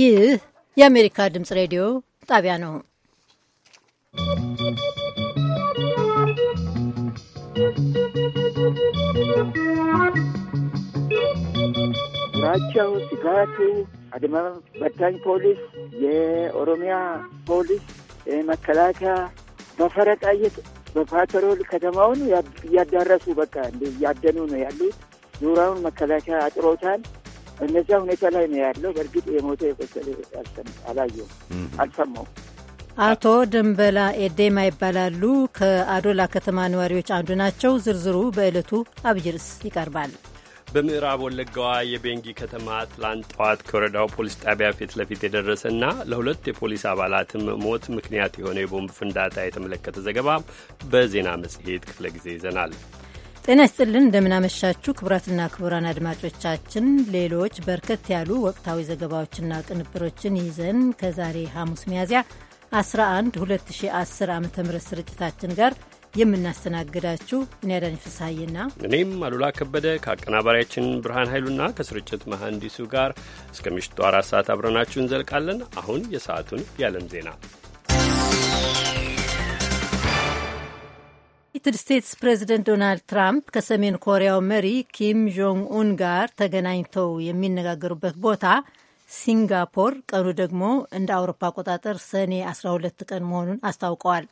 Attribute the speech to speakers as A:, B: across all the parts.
A: ይህ የአሜሪካ ድምፅ ሬዲዮ ጣቢያ ነው።
B: ናቸው ስጋቱ አድማ በታኝ ፖሊስ፣ የኦሮሚያ ፖሊስ፣ መከላከያ በፈረቃ በፓትሮል ከተማውን እያዳረሱ በቃ እያደኑ ነው ያሉት። ዙሪያውን መከላከያ አጥሮታል። እነዚያ ሁኔታ ላይ ነው ያለው። በእርግጥ የሞተ የቆሰለ አላየሁም፣
A: አልሰማሁም። አቶ ደንበላ ኤዴማ ይባላሉ። ከአዶላ ከተማ ነዋሪዎች አንዱ ናቸው። ዝርዝሩ በዕለቱ አብይ ርዕስ ይቀርባል።
C: በምዕራብ ወለጋዋ የቤንጊ ከተማ ትላንት ጠዋት ከወረዳው ፖሊስ ጣቢያ ፊት ለፊት የደረሰና ለሁለት የፖሊስ አባላትም ሞት ምክንያት የሆነ የቦምብ ፍንዳታ የተመለከተ ዘገባ በዜና መጽሔት ክፍለ ጊዜ ይዘናል።
A: ጤና ይስጥልን እንደምናመሻችሁ ክቡራትና ክቡራን አድማጮቻችን ሌሎች በርከት ያሉ ወቅታዊ ዘገባዎችና ቅንብሮችን ይዘን ከዛሬ ሐሙስ ሚያዝያ 11 2010 ዓ ም ስርጭታችን ጋር የምናስተናግዳችሁ እኔ አዳኝ ፍስሐዬና
C: እኔም አሉላ ከበደ ከአቀናባሪያችን ብርሃን ኃይሉና ከስርጭት መሐንዲሱ ጋር እስከ ምሽቱ አራት ሰዓት አብረናችሁ እንዘልቃለን። አሁን የሰዓቱን የዓለም ዜና
A: ዩናይትድ ስቴትስ ፕሬዚደንት ዶናልድ ትራምፕ ከሰሜን ኮሪያው መሪ ኪም ጆንግ ኡን ጋር ተገናኝተው የሚነጋገሩበት ቦታ ሲንጋፖር፣ ቀኑ ደግሞ እንደ አውሮፓ አቆጣጠር ሰኔ 12 ቀን መሆኑን አስታውቀዋል።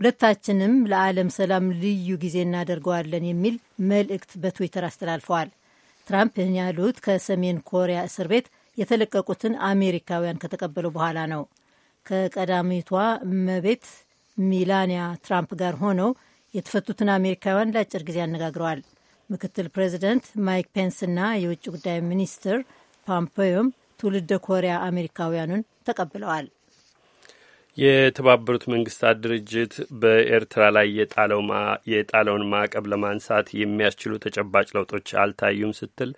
A: ሁለታችንም ለዓለም ሰላም ልዩ ጊዜ እናደርገዋለን የሚል መልእክት በትዊተር አስተላልፈዋል። ትራምፕ ይህን ያሉት ከሰሜን ኮሪያ እስር ቤት የተለቀቁትን አሜሪካውያን ከተቀበሉ በኋላ ነው። ከቀዳሚቷ እመቤት ሚላኒያ ትራምፕ ጋር ሆነው የተፈቱትን አሜሪካውያን ለአጭር ጊዜ አነጋግረዋል። ምክትል ፕሬዚደንት ማይክ ፔንስ እና የውጭ ጉዳይ ሚኒስትር ፓምፖዮም ትውልደ ኮሪያ አሜሪካውያኑን ተቀብለዋል።
C: የተባበሩት መንግስታት ድርጅት በኤርትራ ላይ የጣለውን ማዕቀብ ለማንሳት የሚያስችሉ ተጨባጭ ለውጦች አልታዩም ስትል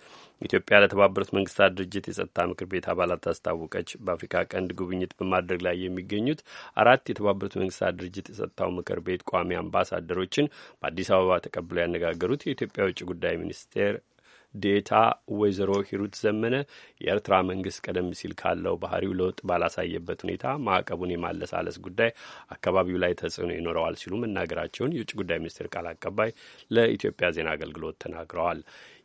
C: ኢትዮጵያ ለተባበሩት መንግስታት ድርጅት የጸጥታ ምክር ቤት አባላት አስታወቀች። በአፍሪካ ቀንድ ጉብኝት በማድረግ ላይ የሚገኙት አራት የተባበሩት መንግስታት ድርጅት የጸጥታው ምክር ቤት ቋሚ አምባሳደሮችን በአዲስ አበባ ተቀብለው ያነጋገሩት የኢትዮጵያ የውጭ ጉዳይ ሚኒስቴር ዴታ ወይዘሮ ሂሩት ዘመነ የኤርትራ መንግስት ቀደም ሲል ካለው ባህሪው ለውጥ ባላሳየበት ሁኔታ ማዕቀቡን የማለሳለስ ጉዳይ አካባቢው ላይ ተጽዕኖ ይኖረዋል ሲሉ መናገራቸውን የውጭ ጉዳይ ሚኒስቴር ቃል አቀባይ ለኢትዮጵያ ዜና አገልግሎት ተናግረዋል።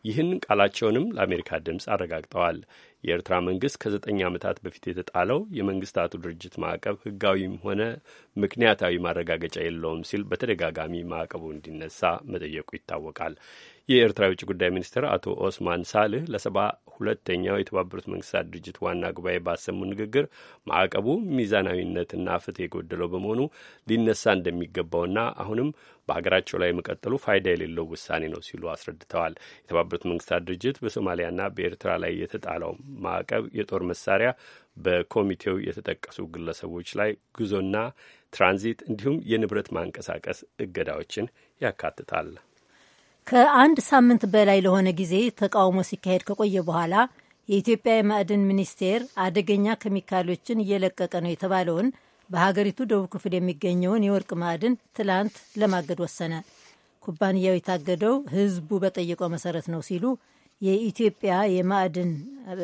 C: ይህን ቃላቸውንም ለአሜሪካ ድምፅ አረጋግጠዋል። የኤርትራ መንግስት ከዘጠኝ ዓመታት በፊት የተጣለው የመንግስታቱ ድርጅት ማዕቀብ ህጋዊም ሆነ ምክንያታዊ ማረጋገጫ የለውም ሲል በተደጋጋሚ ማዕቀቡ እንዲነሳ መጠየቁ ይታወቃል። የኤርትራ የውጭ ጉዳይ ሚኒስትር አቶ ኦስማን ሳልህ ለሰባ ሁለተኛው የተባበሩት መንግስታት ድርጅት ዋና ጉባኤ ባሰሙ ንግግር ማዕቀቡ ሚዛናዊነትና ፍትህ የጎደለው በመሆኑ ሊነሳ እንደሚገባውና አሁንም በሀገራቸው ላይ መቀጠሉ ፋይዳ የሌለው ውሳኔ ነው ሲሉ አስረድተዋል። የተባበሩት መንግስታት ድርጅት በሶማሊያና በኤርትራ ላይ የተጣለው ማዕቀብ የጦር መሳሪያ በኮሚቴው የተጠቀሱ ግለሰቦች ላይ ጉዞና ትራንዚት እንዲሁም የንብረት ማንቀሳቀስ እገዳዎችን ያካትታል።
A: ከአንድ ሳምንት በላይ ለሆነ ጊዜ ተቃውሞ ሲካሄድ ከቆየ በኋላ የኢትዮጵያ የማዕድን ሚኒስቴር አደገኛ ኬሚካሎችን እየለቀቀ ነው የተባለውን በሀገሪቱ ደቡብ ክፍል የሚገኘውን የወርቅ ማዕድን ትላንት ለማገድ ወሰነ። ኩባንያው የታገደው ሕዝቡ በጠየቀው መሰረት ነው ሲሉ የኢትዮጵያ የማዕድን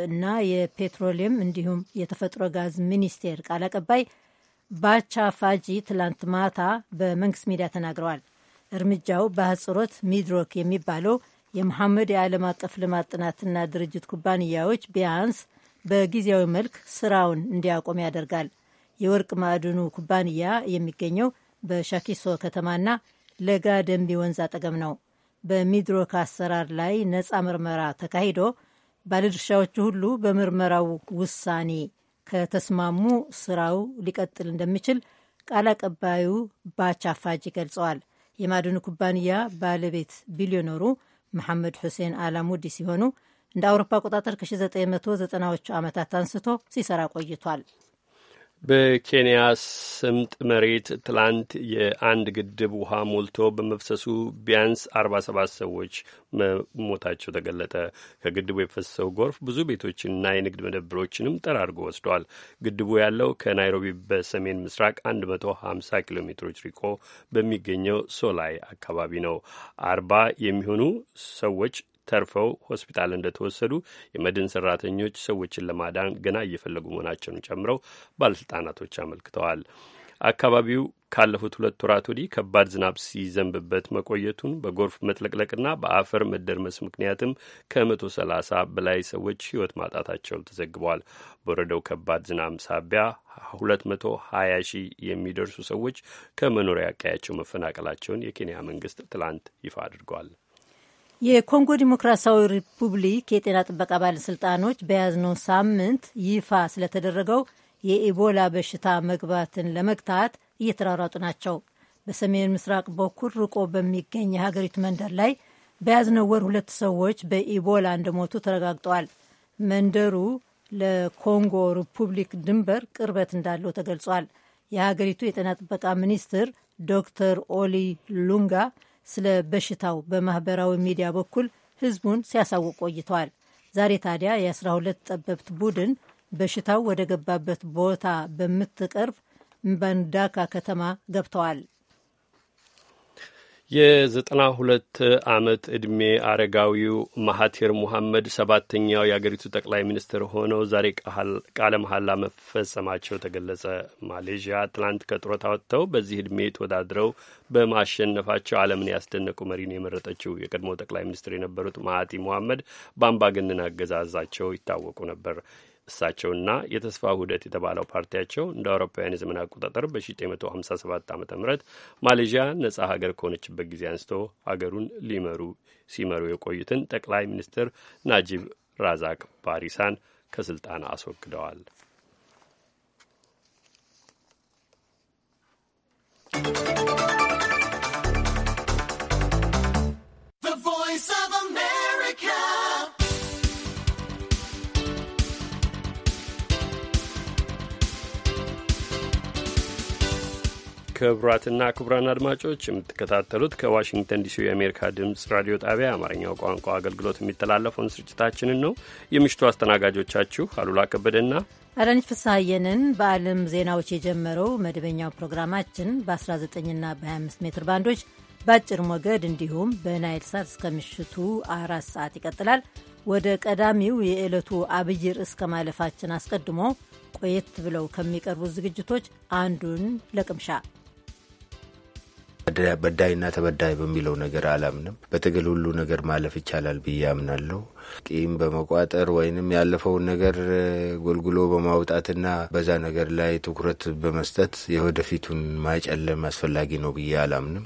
A: እና የፔትሮሊየም እንዲሁም የተፈጥሮ ጋዝ ሚኒስቴር ቃል አቀባይ ባቻ ፋጂ ትላንት ማታ በመንግስት ሚዲያ ተናግረዋል። እርምጃው በአጽሮት ሚድሮክ የሚባለው የመሐመድ የዓለም አቀፍ ልማት ጥናትና ድርጅት ኩባንያዎች ቢያንስ በጊዜያዊ መልክ ስራውን እንዲያቆም ያደርጋል። የወርቅ ማዕድኑ ኩባንያ የሚገኘው በሻኪሶ ከተማና ለጋ ደንቢ ወንዝ አጠገብ ነው። በሚድሮክ አሰራር ላይ ነፃ ምርመራ ተካሂዶ ባለድርሻዎቹ ሁሉ በምርመራው ውሳኔ ከተስማሙ ስራው ሊቀጥል እንደሚችል ቃል አቀባዩ ባቻፋጅ ገልጸዋል። የማዕድኑ ኩባንያ ባለቤት ቢሊዮነሩ መሐመድ ሁሴን አላሙዲ ሲሆኑ እንደ አውሮፓ አቆጣጠር ከ1990ዎቹ ዓመታት አንስቶ ሲሰራ ቆይቷል።
C: በኬንያ ስምጥ መሬት ትላንት የአንድ ግድብ ውሃ ሞልቶ በመፍሰሱ ቢያንስ አርባ ሰባት ሰዎች መሞታቸው ተገለጠ። ከግድቡ የፈሰሰው ጎርፍ ብዙ ቤቶችንና የንግድ መደብሮችንም ጠራርጎ ወስዷል። ግድቡ ያለው ከናይሮቢ በሰሜን ምስራቅ 150 ኪሎ ሜትሮች ሪቆ በሚገኘው ሶላይ አካባቢ ነው። አርባ የሚሆኑ ሰዎች ተርፈው ሆስፒታል እንደተወሰዱ የመድን ሰራተኞች ሰዎችን ለማዳን ገና እየፈለጉ መሆናቸውን ጨምረው ባለስልጣናቶች አመልክተዋል። አካባቢው ካለፉት ሁለት ወራት ወዲህ ከባድ ዝናብ ሲዘንብበት መቆየቱን በጎርፍ መጥለቅለቅና በአፈር መደርመስ ምክንያትም ከመቶ ሰላሳ በላይ ሰዎች ሕይወት ማጣታቸው ተዘግበዋል። በወረደው ከባድ ዝናብ ሳቢያ ሁለት መቶ ሀያ ሺህ የሚደርሱ ሰዎች ከመኖሪያ ቀያቸው መፈናቀላቸውን የኬንያ መንግስት ትላንት ይፋ አድርጓል።
A: የኮንጎ ዲሞክራሲያዊ ሪፑብሊክ የጤና ጥበቃ ባለሥልጣኖች በያዝነው ሳምንት ይፋ ስለተደረገው የኢቦላ በሽታ መግባትን ለመግታት እየተራራጡ ናቸው። በሰሜን ምስራቅ በኩል ርቆ በሚገኝ የሀገሪቱ መንደር ላይ በያዝነው ወር ሁለት ሰዎች በኢቦላ እንደሞቱ ተረጋግጠዋል። መንደሩ ለኮንጎ ሪፑብሊክ ድንበር ቅርበት እንዳለው ተገልጿል። የሀገሪቱ የጤና ጥበቃ ሚኒስትር ዶክተር ኦሊ ሉንጋ ስለ በሽታው በማህበራዊ ሚዲያ በኩል ህዝቡን ሲያሳውቅ ቆይተዋል። ዛሬ ታዲያ የ12 ጠበብት ቡድን በሽታው ወደ ገባበት ቦታ በምትቀርብ ምባንዳካ ከተማ ገብተዋል።
C: የዘጠና ሁለት ዓመት ዕድሜ አረጋዊው ማሀቴር ሙሐመድ ሰባተኛው የአገሪቱ ጠቅላይ ሚኒስትር ሆነው ዛሬ ቃለ መሐላ መፈጸማቸው ተገለጸ። ማሌዥያ ትናንት ከጡረታ ወጥተው በዚህ ዕድሜ ተወዳድረው በማሸነፋቸው ዓለምን ያስደነቁ መሪን የመረጠችው የቀድሞ ጠቅላይ ሚኒስትር የነበሩት ማሀቲ ሙሐመድ በአምባገነን አገዛዛቸው ይታወቁ ነበር። እሳቸውና የተስፋ ውህደት የተባለው ፓርቲያቸው እንደ አውሮፓውያን የዘመን አቆጣጠር በ1957 ዓ ም ማሌዥያ ነጻ ሀገር ከሆነችበት ጊዜ አንስቶ ሀገሩን ሊመሩ ሲመሩ የቆዩትን ጠቅላይ ሚኒስትር ናጂብ ራዛቅ ባሪሳን ከስልጣን አስወግደዋል።
D: Thank you.
C: ክቡራትና ክቡራን አድማጮች የምትከታተሉት ከዋሽንግተን ዲሲ የአሜሪካ ድምፅ ራዲዮ ጣቢያ የአማርኛው ቋንቋ አገልግሎት የሚተላለፈውን ስርጭታችንን ነው። የምሽቱ አስተናጋጆቻችሁ አሉላ ከበደና
A: አዳነች ፍስሐየንን በዓለም ዜናዎች የጀመረው መደበኛው ፕሮግራማችን በ19ና በ25 ሜትር ባንዶች በአጭር ሞገድ እንዲሁም በናይል ሳት እስከ ምሽቱ አራት ሰዓት ይቀጥላል። ወደ ቀዳሚው የዕለቱ አብይ ርዕስ ከማለፋችን አስቀድሞ ቆየት ብለው ከሚቀርቡት ዝግጅቶች አንዱን ለቅምሻ
E: በዳይና ተበዳይ በሚለው ነገር አላምንም። በትግል ሁሉ ነገር ማለፍ ይቻላል ብዬ አምናለሁ። ቂም በመቋጠር ወይንም ያለፈውን ነገር ጎልጉሎ በማውጣትና በዛ ነገር ላይ ትኩረት በመስጠት የወደፊቱን ማጨለም አስፈላጊ ነው ብዬ አላምንም።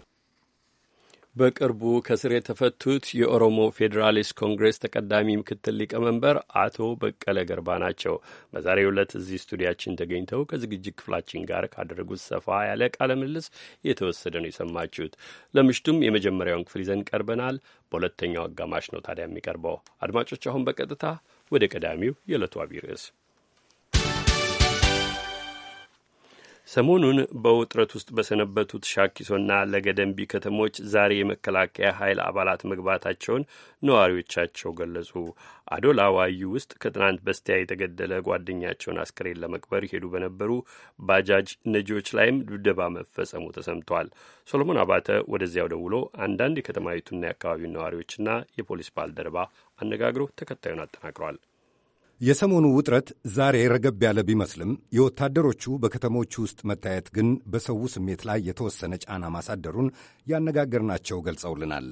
C: በቅርቡ ከስር የተፈቱት የኦሮሞ ፌዴራሊስት ኮንግሬስ ተቀዳሚ ምክትል ሊቀመንበር አቶ በቀለ ገርባ ናቸው። በዛሬው ዕለት እዚህ ስቱዲያችን ተገኝተው ከዝግጅት ክፍላችን ጋር ካደረጉት ሰፋ ያለ ቃለ ምልልስ የተወሰደ ነው የሰማችሁት። ለምሽቱም የመጀመሪያውን ክፍል ይዘን ቀርበናል። በሁለተኛው አጋማሽ ነው ታዲያ የሚቀርበው። አድማጮች፣ አሁን በቀጥታ ወደ ቀዳሚው የዕለቱ አብይ ርዕስ ሰሞኑን በውጥረት ውስጥ በሰነበቱት ሻኪሶና ለገደንቢ ከተሞች ዛሬ የመከላከያ ኃይል አባላት መግባታቸውን ነዋሪዎቻቸው ገለጹ። አዶላ ዋዩ ውስጥ ከትናንት በስቲያ የተገደለ ጓደኛቸውን አስከሬን ለመቅበር ሄዱ በነበሩ ባጃጅ ነጂዎች ላይም ድብደባ መፈጸሙ ተሰምቷል። ሶሎሞን አባተ ወደዚያው ደውሎ አንዳንድ የከተማይቱና የአካባቢውን ነዋሪዎችና የፖሊስ ባልደረባ አነጋግሮ ተከታዩን አጠናቅሯል።
F: የሰሞኑ ውጥረት ዛሬ ረገብ ያለ ቢመስልም የወታደሮቹ በከተሞች ውስጥ መታየት ግን በሰው ስሜት ላይ የተወሰነ ጫና ማሳደሩን ያነጋገርናቸው ገልጸውልናል።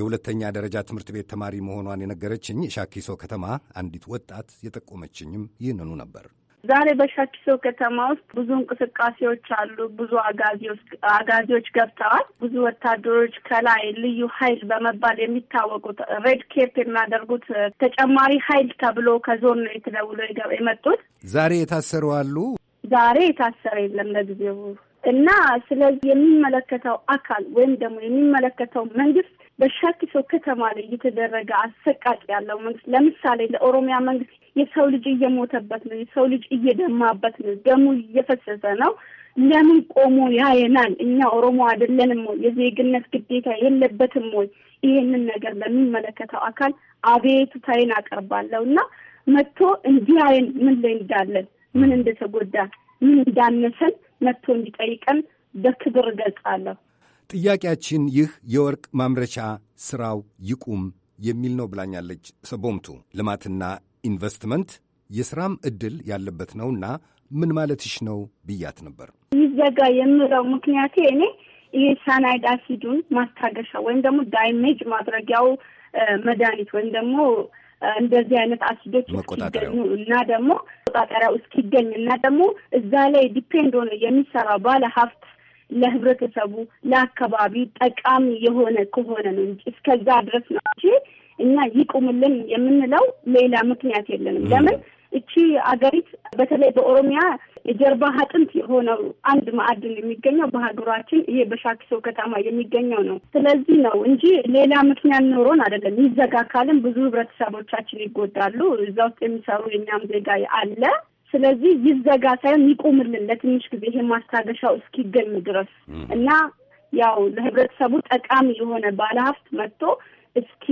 F: የሁለተኛ ደረጃ ትምህርት ቤት ተማሪ መሆኗን የነገረችኝ የሻኪሶ ከተማ አንዲት ወጣት የጠቆመችኝም ይህንኑ ነበር።
G: ዛሬ በሻኪሶ ከተማ ውስጥ ብዙ እንቅስቃሴዎች አሉ። ብዙ አጋዚዎች ገብተዋል። ብዙ ወታደሮች ከላይ ልዩ ኃይል በመባል የሚታወቁት ሬድ ኬፕ የሚያደርጉት ተጨማሪ ኃይል ተብሎ ከዞን ነው የተደውሎ የመጡት።
F: ዛሬ የታሰሩ አሉ።
G: ዛሬ የታሰረ የለም ለጊዜው እና ስለዚህ የሚመለከተው አካል ወይም ደግሞ የሚመለከተው መንግስት በሻኪሶ ከተማ ላይ እየተደረገ አሰቃቂ ያለው መንግስት ለምሳሌ ለኦሮሚያ መንግስት የሰው ልጅ እየሞተበት ነው፣ የሰው ልጅ እየደማበት ነው፣ ደሙ እየፈሰሰ ነው። ለምን ቆሞ ያየናል? እኛ ኦሮሞ አይደለንም ወይ? የዜግነት ግዴታ የለበትም ወይ? ይህንን ነገር ለሚመለከተው አካል አቤቱታዬን አቀርባለሁ እና መጥቶ አይን ምን ላይ እንዳለን፣ ምን እንደተጎዳ ምን እንዳነሰን መጥቶ እንዲጠይቀን በክብር እገልጻለሁ።
F: ጥያቄያችን ይህ የወርቅ ማምረቻ ስራው ይቁም የሚል ነው ብላኛለች። ሰቦምቱ ልማትና ኢንቨስትመንት የስራም እድል ያለበት ነውና ምን ማለትሽ ነው ብያት ነበር።
G: ይዘጋ የምለው ምክንያቴ እኔ ይሄ ሳናይድ አሲዱን ማስታገሻ ወይም ደግሞ ዳይሜጅ ማድረጊያው መድኃኒት ወይም ደግሞ እንደዚህ አይነት አሲዶች ሲገኙ እና ደግሞ መቆጣጠሪያው እስኪገኝ እና ደግሞ እዛ ላይ ዲፔንድ ሆነ የሚሰራ ባለ ሀብት ለህብረተሰቡ ለአካባቢ ጠቃሚ የሆነ ከሆነ ነው እንጂ እስከዛ ድረስ ነው እንጂ እኛ ይቁምልን የምንለው ሌላ ምክንያት የለንም። ለምን እቺ አገሪት በተለይ በኦሮሚያ የጀርባ አጥንት የሆነው አንድ ማዕድን የሚገኘው በሀገራችን ይሄ በሻኪሶ ከተማ የሚገኘው ነው። ስለዚህ ነው እንጂ ሌላ ምክንያት ኖሮን አይደለም። ይዘጋ ካልን ብዙ ህብረተሰቦቻችን ይጎዳሉ። እዛ ውስጥ የሚሰሩ የኛም ዜጋ አለ። ስለዚህ ይዘጋ ሳይሆን ይቁምልን ለትንሽ ጊዜ ይሄ ማስታገሻው እስኪገኝ ድረስ እና ያው ለህብረተሰቡ ጠቃሚ የሆነ ባለሀብት መጥቶ እስኪ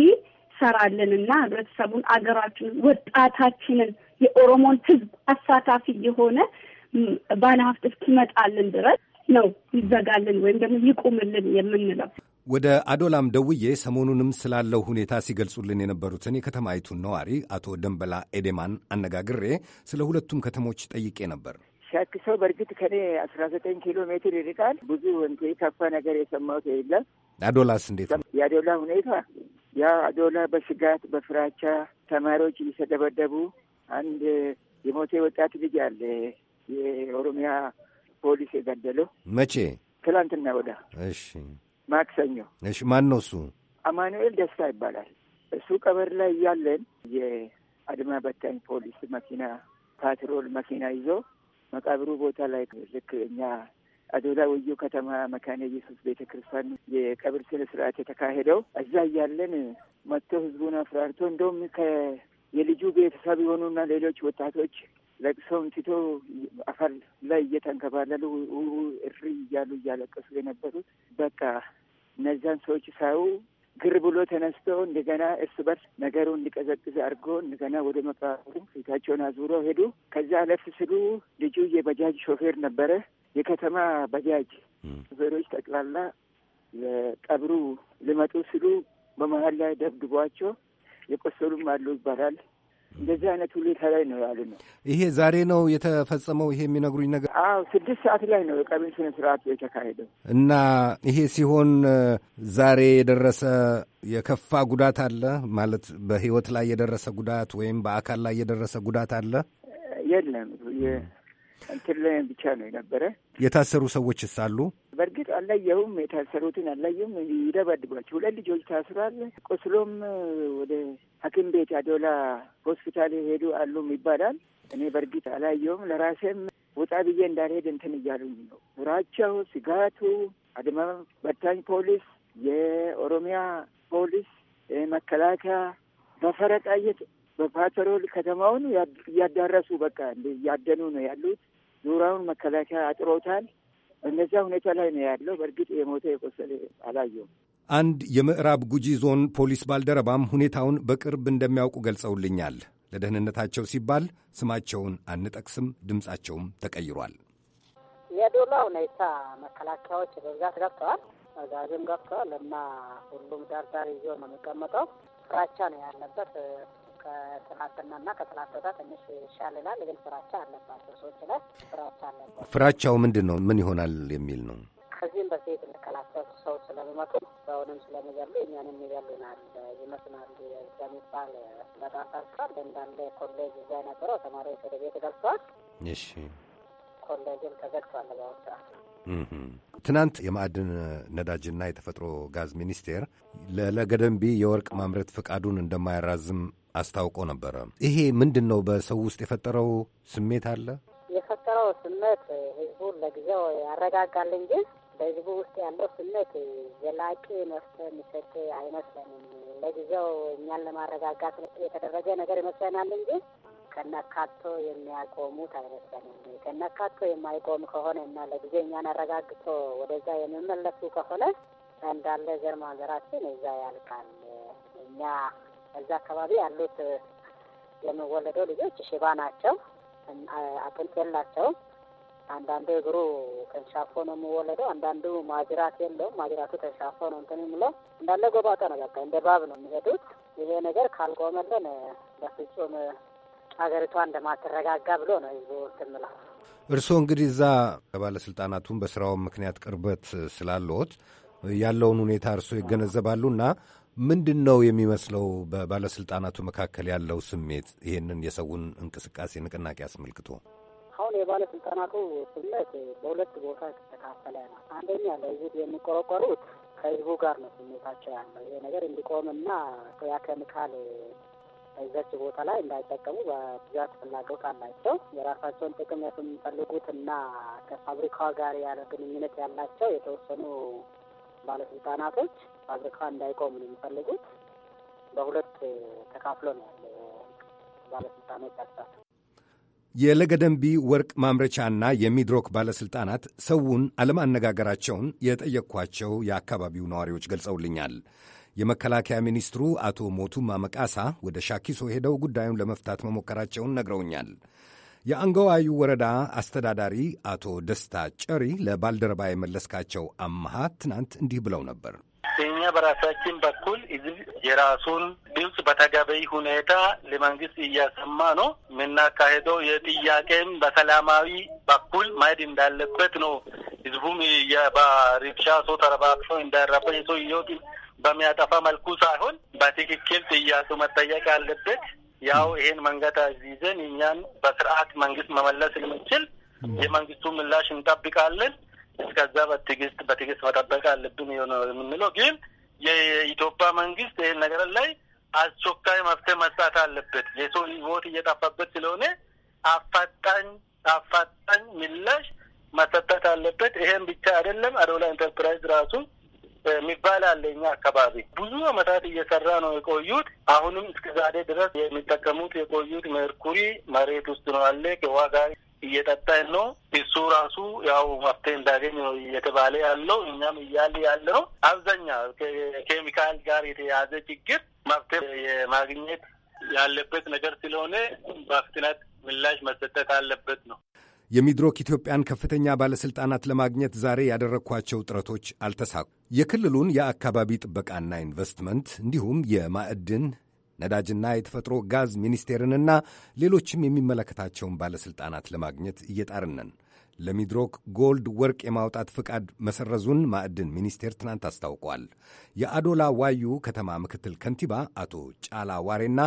G: ሰራልን እና ህብረተሰቡን አገራችንን ወጣታችንን የኦሮሞን ህዝብ አሳታፊ የሆነ ባለሀብት እስኪመጣልን ድረስ ነው ይዘጋልን ወይም ደግሞ ይቁምልን የምንለው።
F: ወደ አዶላም ደውዬ ሰሞኑንም ስላለው ሁኔታ ሲገልጹልን የነበሩትን የከተማይቱን ነዋሪ አቶ ደንበላ ኤዴማን አነጋግሬ ስለ ሁለቱም ከተሞች ጠይቄ ነበር።
B: ሻኪሶ በእርግጥ ከኔ አስራ ዘጠኝ ኪሎ ሜትር ይርቃል። ብዙ ከፋ ነገር የሰማሁት የለም።
F: አዶላስ እንዴት ነው
B: የአዶላ ሁኔታ? ያ አዶላ በስጋት በፍራቻ ተማሪዎች እየተደበደቡ አንድ የሞቴ ወጣት ልጅ አለ የኦሮሚያ ፖሊስ የገደለው። መቼ? ትላንትና ወዳ። እሺ፣ ማክሰኞ።
F: እሺ፣ ማን ነው እሱ?
B: አማኑኤል ደስታ ይባላል። እሱ ቀበር ላይ እያለን የአድማ በታኝ ፖሊስ መኪና ፓትሮል መኪና ይዞ መቃብሩ ቦታ ላይ ልክ እኛ አዶላ ውዩ ከተማ መካነ ኢየሱስ ቤተ ክርስቲያን የቀብር ስነ ስርዓት የተካሄደው እዛ እያለን መጥቶ ህዝቡን አፍራርቶ እንደውም የልጁ ቤተሰብ የሆኑና ሌሎች ወጣቶች ለቅሰውን ትቶ አፈር ላይ እየተንከባለሉ እሪ እያሉ እያለቀሱ የነበሩት በቃ እነዚያን ሰዎች ሳዩ ግር ብሎ ተነስቶ እንደገና እርስ በርስ ነገሩ እንዲቀዘቅዝ አድርጎ እንደገና ወደ መቃብሩ ፊታቸውን አዙሮ ሄዱ። ከዚያ አለፍ ስሉ ልጁ የባጃጅ ሾፌር ነበረ። የከተማ ባጃጅ ሾፌሮች ጠቅላላ ለቀብሩ ሊመጡ ስሉ በመሀል ላይ ደብድቧቸው የቆሰሉም አሉ ይባላል። እንደዚህ አይነት
F: ሁኔታ ላይ ነው ያሉ ነው። ይሄ ዛሬ ነው የተፈጸመው። ይሄ የሚነግሩኝ ነገር አዎ፣ ስድስት ሰዓት ላይ ነው የቀብር ስነ ስርዓቱ የተካሄደው እና ይሄ ሲሆን ዛሬ የደረሰ የከፋ ጉዳት አለ ማለት በህይወት ላይ የደረሰ ጉዳት ወይም በአካል ላይ የደረሰ ጉዳት አለ
B: የለም እንትን ብቻ ነው የነበረ።
F: የታሰሩ ሰዎችስ አሉ?
B: በእርግጥ አላየሁም። የታሰሩትን አላየሁም። ይደባድቧቸው። ሁለት ልጆች ታስሯል። ቆስሎም ወደ ሐኪም ቤት አዶላ ሆስፒታል ሄዱ አሉም ይባላል። እኔ በእርግጥ አላየሁም። ለራሴም ውጣ ብዬ እንዳልሄድ እንትን እያሉኝ ነው። ኑራቸው፣ ስጋቱ፣ አድማ በታኝ ፖሊስ፣ የኦሮሚያ ፖሊስ፣ መከላከያ በፈረቃየት በፓትሮል ከተማውን እያዳረሱ በቃ እያደኑ ነው ያሉት። ዙሪያውን መከላከያ አጥሮታል። እነዚያ ሁኔታ ላይ ነው ያለው። በእርግጥ የሞተ የቆሰለ አላየው
F: አንድ የምዕራብ ጉጂ ዞን ፖሊስ ባልደረባም ሁኔታውን በቅርብ እንደሚያውቁ ገልጸውልኛል። ለደህንነታቸው ሲባል ስማቸውን አንጠቅስም፣ ድምፃቸውም ተቀይሯል።
H: የዶላ ሁኔታ መከላከያዎች በብዛት ገብተዋል፣ አዛዥም ገብተዋል እና ሁሉም ዳርዳር ይዞ ነው የሚቀመጠው። ፍራቻ ነው ያለበት ከትናንትናና ከትናንት ወዲያ ትንሽ ይሻልላል፣ ግን ፍራቻ አለባቸው ሰዎች ላይ ፍራቻ አለባቸው።
F: ፍራቻው ምንድን ነው? ምን ይሆናል የሚል ነው።
H: ከዚህም በዚህ የተንከላከሉ ሰው ስለሚመጡ ሰውንም ስለሚገሉ እኛንም ይገሉናል ይመስላል የሚባል በጣም ታስቷል። እንዳንድ ኮሌጅ እዛ የነበረው ተማሪዎች ወደ ቤት ገብተዋል። እሺ ኮሌጅም ተዘግቷል በአሁኑ ሰዓት።
F: ትናንት የማዕድን ነዳጅና የተፈጥሮ ጋዝ ሚኒስቴር ለለገደንቢ የወርቅ ማምረት ፍቃዱን እንደማያራዝም አስታውቆ ነበረ። ይሄ ምንድን ነው በሰው ውስጥ የፈጠረው ስሜት አለ?
H: የፈጠረው ስሜት ህዝቡን ለጊዜው ያረጋጋል እንጂ በህዝቡ ውስጥ ያለው ስሜት ዘላቂ መፍትሄ የሚሰጥ አይመስለንም። ለጊዜው እኛን ለማረጋጋት የተደረገ ነገር ይመስለናል እንጂ ከነካቶ የሚያቆሙት አይመስለንም። ከነካቶ የማይቆም ከሆነ እና ለጊዜ እኛን አረጋግቶ ወደዛ የሚመለሱ ከሆነ እንዳለ ዘር ማንዘራችን እዛ ያልቃል። እኛ እዛ አካባቢ ያሉት የሚወለደው ልጆች ሽባ ናቸው፣ አጥንት የላቸውም። አንዳንዱ እግሩ ተንሻፎ ነው የሚወለደው። አንዳንዱ ማጅራት የለውም። ማጅራቱ ተንሻፎ ነው እንትን የሚለው
A: እንዳለ ጎባጣ ነው። በቃ
H: እንደ ባብ ነው የሚሄዱት። ይሄ ነገር ካልቆመልን በፍጹም ሀገሪቷ እንደማትረጋጋ ብሎ ነው ይዞ ትምላ።
F: እርስዎ እንግዲህ እዛ ከባለስልጣናቱም በስራው ምክንያት ቅርበት ስላለዎት ያለውን ሁኔታ እርስዎ እና ምንድን ነው የሚመስለው በባለስልጣናቱ መካከል ያለው ስሜት ይህንን የሰውን እንቅስቃሴ ንቅናቄ አስመልክቶ?
H: አሁን የባለስልጣናቱ ስሜት በሁለት ቦታ የተከፋፈለ ነው። አንደኛ ለህዝብ የሚቆረቆሩት ከህዝቡ ጋር ነው ስሜታቸው ያለው ይሄ ነገር እንዲቆምና ያከሚካል እዛች ቦታ ላይ እንዳይጠቀሙ በብዛት ፍላጎት አላቸው። የራሳቸውን ጥቅም የሚፈልጉት እና ከፋብሪካዋ ጋር ያለ ግንኙነት ያላቸው የተወሰኑ ባለስልጣናቶች ፋብሪካ እንዳይቆም ነው የሚፈልጉት። በሁለት ተካፍሎ ነው ያለ ባለስልጣኖች
F: አቅጣት የለገደንቢ ወርቅ ማምረቻና የሚድሮክ ባለሥልጣናት ሰውን አለማነጋገራቸውን የጠየቅኳቸው የአካባቢው ነዋሪዎች ገልጸውልኛል። የመከላከያ ሚኒስትሩ አቶ ሞቱማ መቃሳ ወደ ሻኪሶ ሄደው ጉዳዩን ለመፍታት መሞከራቸውን ነግረውኛል። የአንገዋዩ ወረዳ አስተዳዳሪ አቶ ደስታ ጨሪ ለባልደረባ የመለስካቸው አምሃ ትናንት እንዲህ ብለው ነበር።
I: እኛ በራሳችን በኩል ህዝብ የራሱን ድምፅ በተገቢ ሁኔታ ለመንግስት እያሰማ ነው የምናካሄደው። የጥያቄም በሰላማዊ በኩል መሄድ እንዳለበት ነው። ህዝቡም በሪብሻ ሰው ተረባብሾ እንዳረበ ሰው ህይወት በሚያጠፋ መልኩ ሳይሆን በትክክል ጥያቄው መጠየቅ አለበት። ያው ይሄን መንገድ አዚዘን እኛን በስርዓት መንግስት መመለስ ልምችል የመንግስቱ ምላሽ እንጠብቃለን። እስከዛ በትግስት በትግስት መጠበቅ አለብን የሆነ የምንለው ግን የኢትዮጵያ መንግስት ይህን ነገር ላይ አስቸኳይ መፍትሄ መስራት አለበት። የሰው ህይወት እየጠፋበት ስለሆነ አፋጣኝ አፋጣኝ ምላሽ መሰጠት አለበት። ይሄን ብቻ አይደለም። አዶላ ኢንተርፕራይዝ ራሱ የሚባል አለ እኛ አካባቢ ብዙ አመታት እየሰራ ነው የቆዩት። አሁንም እስከ ዛሬ ድረስ የሚጠቀሙት የቆዩት ሜርኩሪ መሬት ውስጥ ነው አለ ከዋጋ እየጠጣን ነው። እሱ ራሱ ያው መፍትሄ እንዳገኝ ነው እየተባለ ያለው እኛም እያለ ያለ ነው። አብዛኛ ኬሚካል ጋር የተያዘ ችግር መፍትሄ የማግኘት ያለበት
F: ነገር ስለሆነ በፍጥነት ምላሽ መሰጠት አለበት ነው። የሚድሮክ ኢትዮጵያን ከፍተኛ ባለሥልጣናት ለማግኘት ዛሬ ያደረግኳቸው ጥረቶች አልተሳኩ። የክልሉን የአካባቢ ጥበቃና ኢንቨስትመንት እንዲሁም የማዕድን ነዳጅና የተፈጥሮ ጋዝ ሚኒስቴርንና ሌሎችም የሚመለከታቸውን ባለሥልጣናት ለማግኘት እየጣርነን ለሚድሮክ ጎልድ ወርቅ የማውጣት ፍቃድ መሰረዙን ማዕድን ሚኒስቴር ትናንት አስታውቋል። የአዶላ ዋዩ ከተማ ምክትል ከንቲባ አቶ ጫላ ዋሬና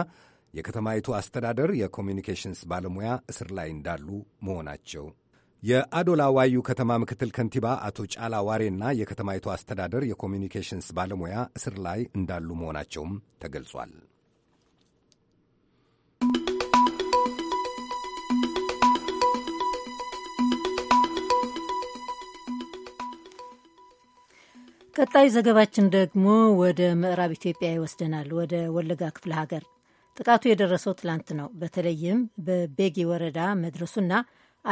F: የከተማይቱ አስተዳደር የኮሚኒኬሽንስ ባለሙያ እስር ላይ እንዳሉ መሆናቸው የአዶላ ዋዩ ከተማ ምክትል ከንቲባ አቶ ጫላ ዋሬና የከተማይቱ አስተዳደር የኮሚኒኬሽንስ ባለሙያ እስር ላይ እንዳሉ መሆናቸውም ተገልጿል።
A: ቀጣዩ ዘገባችን ደግሞ ወደ ምዕራብ ኢትዮጵያ ይወስደናል፣ ወደ ወለጋ ክፍለ ሀገር። ጥቃቱ የደረሰው ትላንት ነው። በተለይም በቤጊ ወረዳ መድረሱና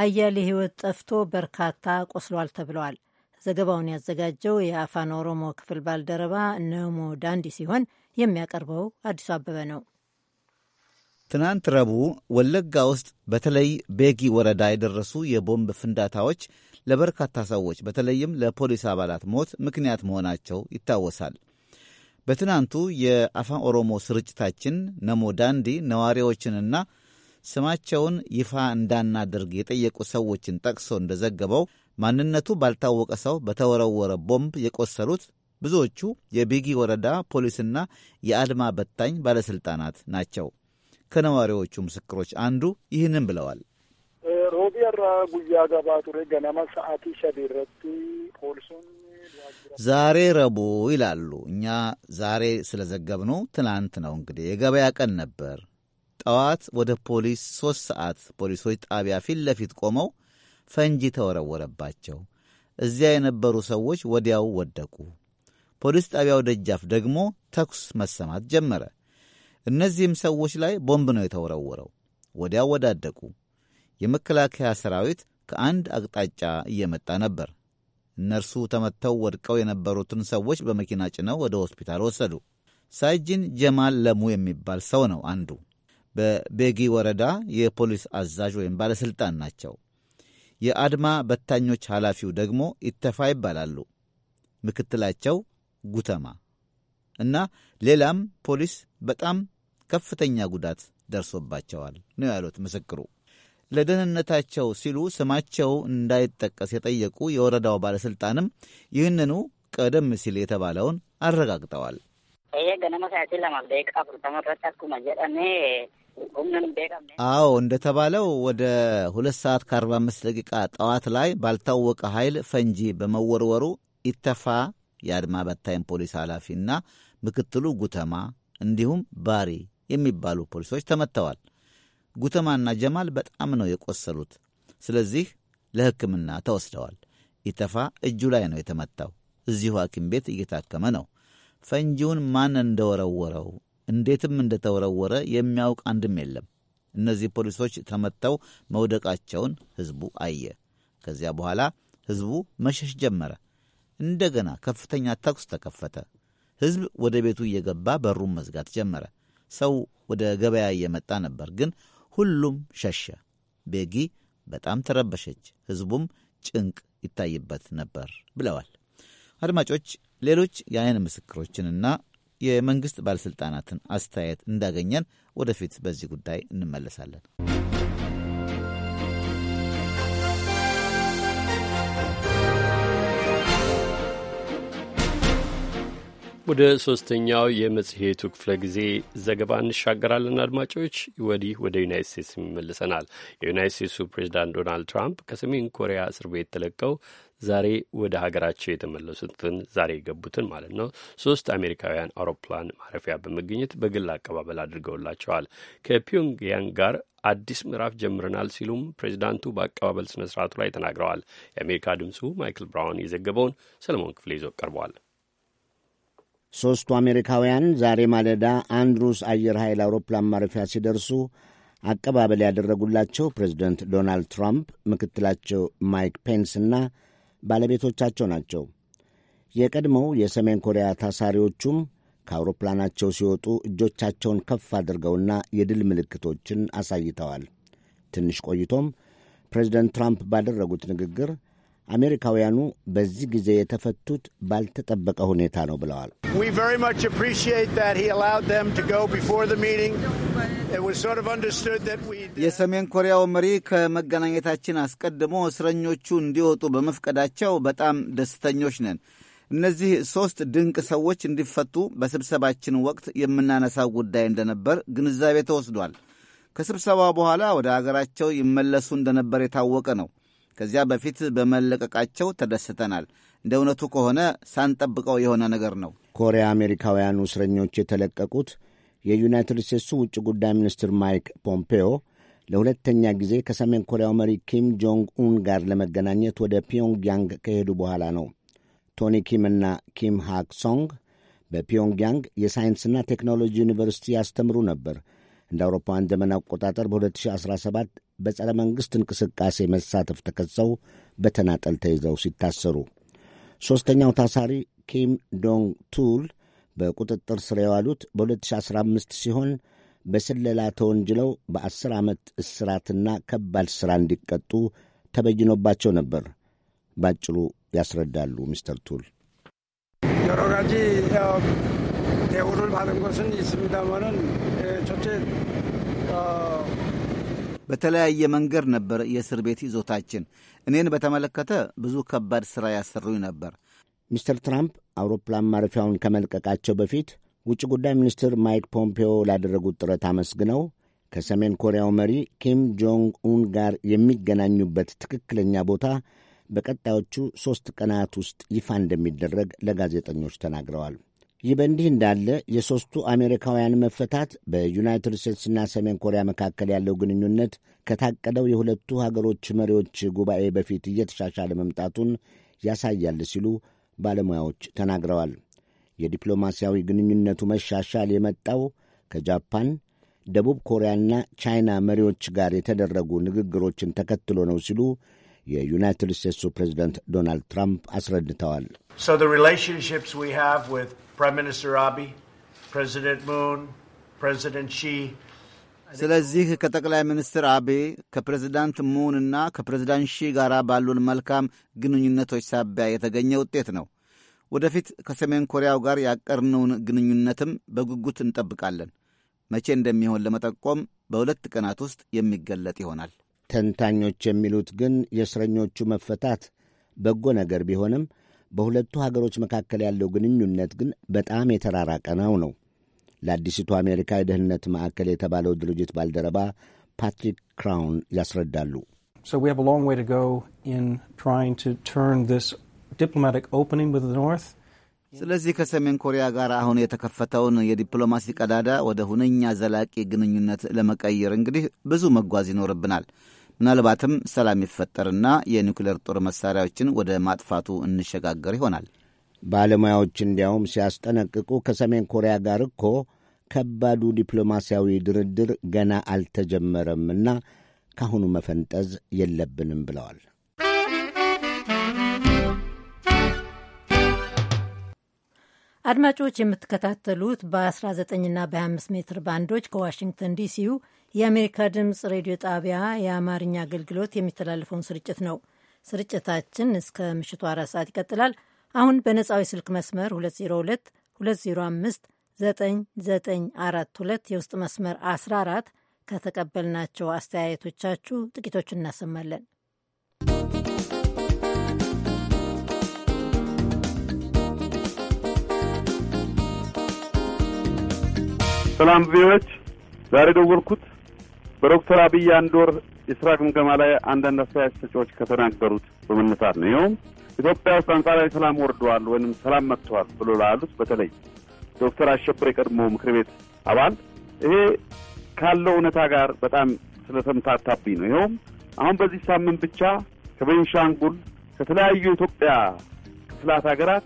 A: አያሌ ሕይወት ጠፍቶ በርካታ ቆስሏል ተብለዋል። ዘገባውን ያዘጋጀው የአፋን ኦሮሞ ክፍል ባልደረባ ነሞ ዳንዲ ሲሆን የሚያቀርበው አዲሱ አበበ ነው።
J: ትናንት ረቡዕ ወለጋ ውስጥ በተለይ ቤጊ ወረዳ የደረሱ የቦምብ ፍንዳታዎች ለበርካታ ሰዎች በተለይም ለፖሊስ አባላት ሞት ምክንያት መሆናቸው ይታወሳል። በትናንቱ የአፋን ኦሮሞ ስርጭታችን ነሞ ዳንዲ ነዋሪዎችንና ስማቸውን ይፋ እንዳናደርግ የጠየቁ ሰዎችን ጠቅሶ እንደዘገበው ማንነቱ ባልታወቀ ሰው በተወረወረ ቦምብ የቆሰሉት ብዙዎቹ የቤጊ ወረዳ ፖሊስና የአድማ በታኝ ባለሥልጣናት ናቸው። ከነዋሪዎቹ ምስክሮች አንዱ ይህንን ብለዋል። ዛሬ ረቡዕ ይላሉ። እኛ ዛሬ ስለዘገብነው ትናንት ነው እንግዲህ የገበያ ቀን ነበር። ጠዋት ወደ ፖሊስ ሦስት ሰዓት ፖሊሶች ጣቢያ ፊት ለፊት ቆመው ፈንጂ ተወረወረባቸው። እዚያ የነበሩ ሰዎች ወዲያው ወደቁ። ፖሊስ ጣቢያው ደጃፍ ደግሞ ተኩስ መሰማት ጀመረ። እነዚህም ሰዎች ላይ ቦምብ ነው የተወረወረው። ወዲያው ወዳደቁ። የመከላከያ ሰራዊት ከአንድ አቅጣጫ እየመጣ ነበር። እነርሱ ተመተው ወድቀው የነበሩትን ሰዎች በመኪና ጭነው ወደ ሆስፒታል ወሰዱ። ሳይጅን ጀማል ለሙ የሚባል ሰው ነው አንዱ። በቤጊ ወረዳ የፖሊስ አዛዥ ወይም ባለሥልጣን ናቸው። የአድማ በታኞች ኃላፊው ደግሞ ኢተፋ ይባላሉ። ምክትላቸው ጉተማ እና ሌላም ፖሊስ በጣም ከፍተኛ ጉዳት ደርሶባቸዋል ነው ያሉት ምስክሩ። ለደህንነታቸው ሲሉ ስማቸው እንዳይጠቀስ የጠየቁ የወረዳው ባለሥልጣንም ይህንኑ ቀደም ሲል የተባለውን አረጋግጠዋል። አዎ እንደተባለው ወደ ሁለት ሰዓት ከ45 ደቂቃ ጠዋት ላይ ባልታወቀ ኃይል ፈንጂ በመወርወሩ ኢተፋ የአድማ በታይም ፖሊስ ኃላፊና ምክትሉ ጉተማ እንዲሁም ባሪ የሚባሉ ፖሊሶች ተመትተዋል። ጉተማና ጀማል በጣም ነው የቆሰሉት። ስለዚህ ለሕክምና ተወስደዋል። ኢተፋ እጁ ላይ ነው የተመታው። እዚሁ ሐኪም ቤት እየታከመ ነው። ፈንጂውን ማን እንደወረወረው እንዴትም እንደተወረወረ የሚያውቅ አንድም የለም። እነዚህ ፖሊሶች ተመተው መውደቃቸውን ሕዝቡ አየ። ከዚያ በኋላ ሕዝቡ መሸሽ ጀመረ። እንደገና ከፍተኛ ተኩስ ተከፈተ። ሕዝብ ወደ ቤቱ እየገባ በሩን መዝጋት ጀመረ። ሰው ወደ ገበያ እየመጣ ነበር፣ ግን ሁሉም ሸሸ። ቤጊ በጣም ተረበሸች፣ ሕዝቡም ጭንቅ ይታይበት ነበር ብለዋል። አድማጮች፣ ሌሎች የአይን ምስክሮችንና የመንግሥት ባለሥልጣናትን አስተያየት እንዳገኘን ወደፊት በዚህ ጉዳይ እንመለሳለን።
C: ወደ ሶስተኛው የመጽሔቱ ክፍለ ጊዜ ዘገባ እንሻገራለን። አድማጮች ወዲህ ወደ ዩናይት ስቴትስ ይመልሰናል። የዩናይት ስቴትሱ ፕሬዚዳንት ዶናልድ ትራምፕ ከሰሜን ኮሪያ እስር ቤት ተለቀው ዛሬ ወደ ሀገራቸው የተመለሱትን ዛሬ የገቡትን ማለት ነው ሶስት አሜሪካውያን አውሮፕላን ማረፊያ በመገኘት በግል አቀባበል አድርገውላቸዋል። ከፒዮንግያንግ ጋር አዲስ ምዕራፍ ጀምረናል ሲሉም ፕሬዚዳንቱ በአቀባበል ስነ ስርዓቱ ላይ ተናግረዋል። የአሜሪካ ድምፁ ማይክል ብራውን የዘገበውን ሰለሞን ክፍሌ ይዞ ቀርቧል።
K: ሦስቱ አሜሪካውያን ዛሬ ማለዳ አንድሩስ አየር ኃይል አውሮፕላን ማረፊያ ሲደርሱ አቀባበል ያደረጉላቸው ፕሬዚደንት ዶናልድ ትራምፕ፣ ምክትላቸው ማይክ ፔንስ እና ባለቤቶቻቸው ናቸው። የቀድሞው የሰሜን ኮሪያ ታሳሪዎቹም ከአውሮፕላናቸው ሲወጡ እጆቻቸውን ከፍ አድርገውና የድል ምልክቶችን አሳይተዋል። ትንሽ ቆይቶም ፕሬዚደንት ትራምፕ ባደረጉት ንግግር አሜሪካውያኑ በዚህ ጊዜ የተፈቱት ባልተጠበቀ ሁኔታ ነው ብለዋል።
J: የሰሜን ኮሪያው መሪ ከመገናኘታችን አስቀድሞ እስረኞቹ እንዲወጡ በመፍቀዳቸው በጣም ደስተኞች ነን። እነዚህ ሦስት ድንቅ ሰዎች እንዲፈቱ በስብሰባችን ወቅት የምናነሳው ጉዳይ እንደነበር ግንዛቤ ተወስዷል። ከስብሰባው በኋላ ወደ አገራቸው ይመለሱ እንደነበር የታወቀ ነው። ከዚያ በፊት በመለቀቃቸው ተደስተናል። እንደ እውነቱ ከሆነ ሳንጠብቀው የሆነ ነገር ነው።
K: ኮሪያ አሜሪካውያኑ እስረኞች የተለቀቁት የዩናይትድ ስቴትሱ ውጭ ጉዳይ ሚኒስትር ማይክ ፖምፔዮ ለሁለተኛ ጊዜ ከሰሜን ኮሪያው መሪ ኪም ጆንግ ኡን ጋር ለመገናኘት ወደ ፒዮንግያንግ ከሄዱ በኋላ ነው። ቶኒ ኪም እና ኪም ሃክ ሶንግ በፒዮንግያንግ የሳይንስና ቴክኖሎጂ ዩኒቨርሲቲ ያስተምሩ ነበር። እንደ አውሮፓውያን ዘመን አቆጣጠር በ2017 በጸረ መንግሥት እንቅስቃሴ መሳተፍ ተከሰው በተናጠል ተይዘው ሲታሰሩ፣ ሦስተኛው ታሳሪ ኪም ዶንግ ቱል በቁጥጥር ሥር የዋሉት በ2015 ሲሆን በስለላ ተወንጅለው በአስር ዓመት እስራትና ከባድ ሥራ እንዲቀጡ ተበይኖባቸው ነበር። ባጭሩ ያስረዳሉ ሚስተር ቱል።
J: በተለያየ መንገድ ነበር የእስር ቤት ይዞታችን። እኔን በተመለከተ ብዙ ከባድ ሥራ ያሰሩኝ ነበር።
K: ሚስተር ትራምፕ አውሮፕላን ማረፊያውን ከመልቀቃቸው በፊት ውጭ ጉዳይ ሚኒስትር ማይክ ፖምፔዮ ላደረጉት ጥረት አመስግነው ከሰሜን ኮሪያው መሪ ኪም ጆንግ ኡን ጋር የሚገናኙበት ትክክለኛ ቦታ በቀጣዮቹ ሦስት ቀናት ውስጥ ይፋ እንደሚደረግ ለጋዜጠኞች ተናግረዋል። ይህ በእንዲህ እንዳለ የሦስቱ አሜሪካውያን መፈታት በዩናይትድ ስቴትስና ሰሜን ኮሪያ መካከል ያለው ግንኙነት ከታቀደው የሁለቱ ሀገሮች መሪዎች ጉባኤ በፊት እየተሻሻለ መምጣቱን ያሳያል ሲሉ ባለሙያዎች ተናግረዋል። የዲፕሎማሲያዊ ግንኙነቱ መሻሻል የመጣው ከጃፓን፣ ደቡብ ኮሪያና ቻይና መሪዎች ጋር የተደረጉ ንግግሮችን ተከትሎ ነው ሲሉ የዩናይትድ ስቴትሱ ፕሬዚደንት ዶናልድ ትራምፕ አስረድተዋል።
J: ስለዚህ ከጠቅላይ ሚኒስትር አቤ ከፕሬዚዳንት ሙን እና ከፕሬዚዳንት ሺ ጋር ባሉን መልካም ግንኙነቶች ሳቢያ የተገኘ ውጤት ነው። ወደፊት ከሰሜን ኮሪያው ጋር ያቀርነውን ግንኙነትም በጉጉት እንጠብቃለን። መቼ እንደሚሆን ለመጠቆም በሁለት ቀናት ውስጥ
K: የሚገለጥ ይሆናል። ተንታኞች የሚሉት ግን የእስረኞቹ መፈታት በጎ ነገር ቢሆንም በሁለቱ ሀገሮች መካከል ያለው ግንኙነት ግን በጣም የተራራቀ ነው ነው ለአዲስቱ አሜሪካ የደህንነት ማዕከል የተባለው ድርጅት ባልደረባ ፓትሪክ ክራውን ያስረዳሉ።
J: ስለዚህ ከሰሜን ኮሪያ ጋር አሁን የተከፈተውን የዲፕሎማሲ ቀዳዳ ወደ ሁነኛ ዘላቂ ግንኙነት ለመቀየር እንግዲህ ብዙ መጓዝ ይኖርብናል። ምናልባትም ሰላም ይፈጠርና የኒውክሌር ጦር መሳሪያዎችን ወደ
K: ማጥፋቱ እንሸጋገር ይሆናል። ባለሙያዎች እንዲያውም ሲያስጠነቅቁ ከሰሜን ኮሪያ ጋር እኮ ከባዱ ዲፕሎማሲያዊ ድርድር ገና አልተጀመረምና ካሁኑ መፈንጠዝ የለብንም ብለዋል።
A: አድማጮች የምትከታተሉት በ19ና በ25 ሜትር ባንዶች ከዋሽንግተን ዲሲው የአሜሪካ ድምፅ ሬዲዮ ጣቢያ የአማርኛ አገልግሎት የሚተላለፈውን ስርጭት ነው። ስርጭታችን እስከ ምሽቱ አራት ሰዓት ይቀጥላል። አሁን በነጻው የስልክ መስመር 202 205 9942 የውስጥ መስመር 14 ከተቀበልናቸው አስተያየቶቻችሁ ጥቂቶቹን እናሰማለን።
L: ሰላም ቪዎች ዛሬ ደወልኩት በዶክተር አብይ አንድ ወር የስራ ግምገማ ላይ አንዳንድ አስተያየት ሰጪዎች ከተናገሩት በመነሳት ነው። ይኸውም ኢትዮጵያ ውስጥ አንጻራዊ ሰላም ወርደዋል ወይም ሰላም መጥተዋል ብሎ ላሉት በተለይ ዶክተር አሸብር የቀድሞ ምክር ቤት አባል ይሄ ካለው እውነታ ጋር በጣም ስለተምታታብኝ ነው። ይኸውም አሁን በዚህ ሳምንት ብቻ ከቤንሻንጉል ከተለያዩ የኢትዮጵያ ክፍላት ሀገራት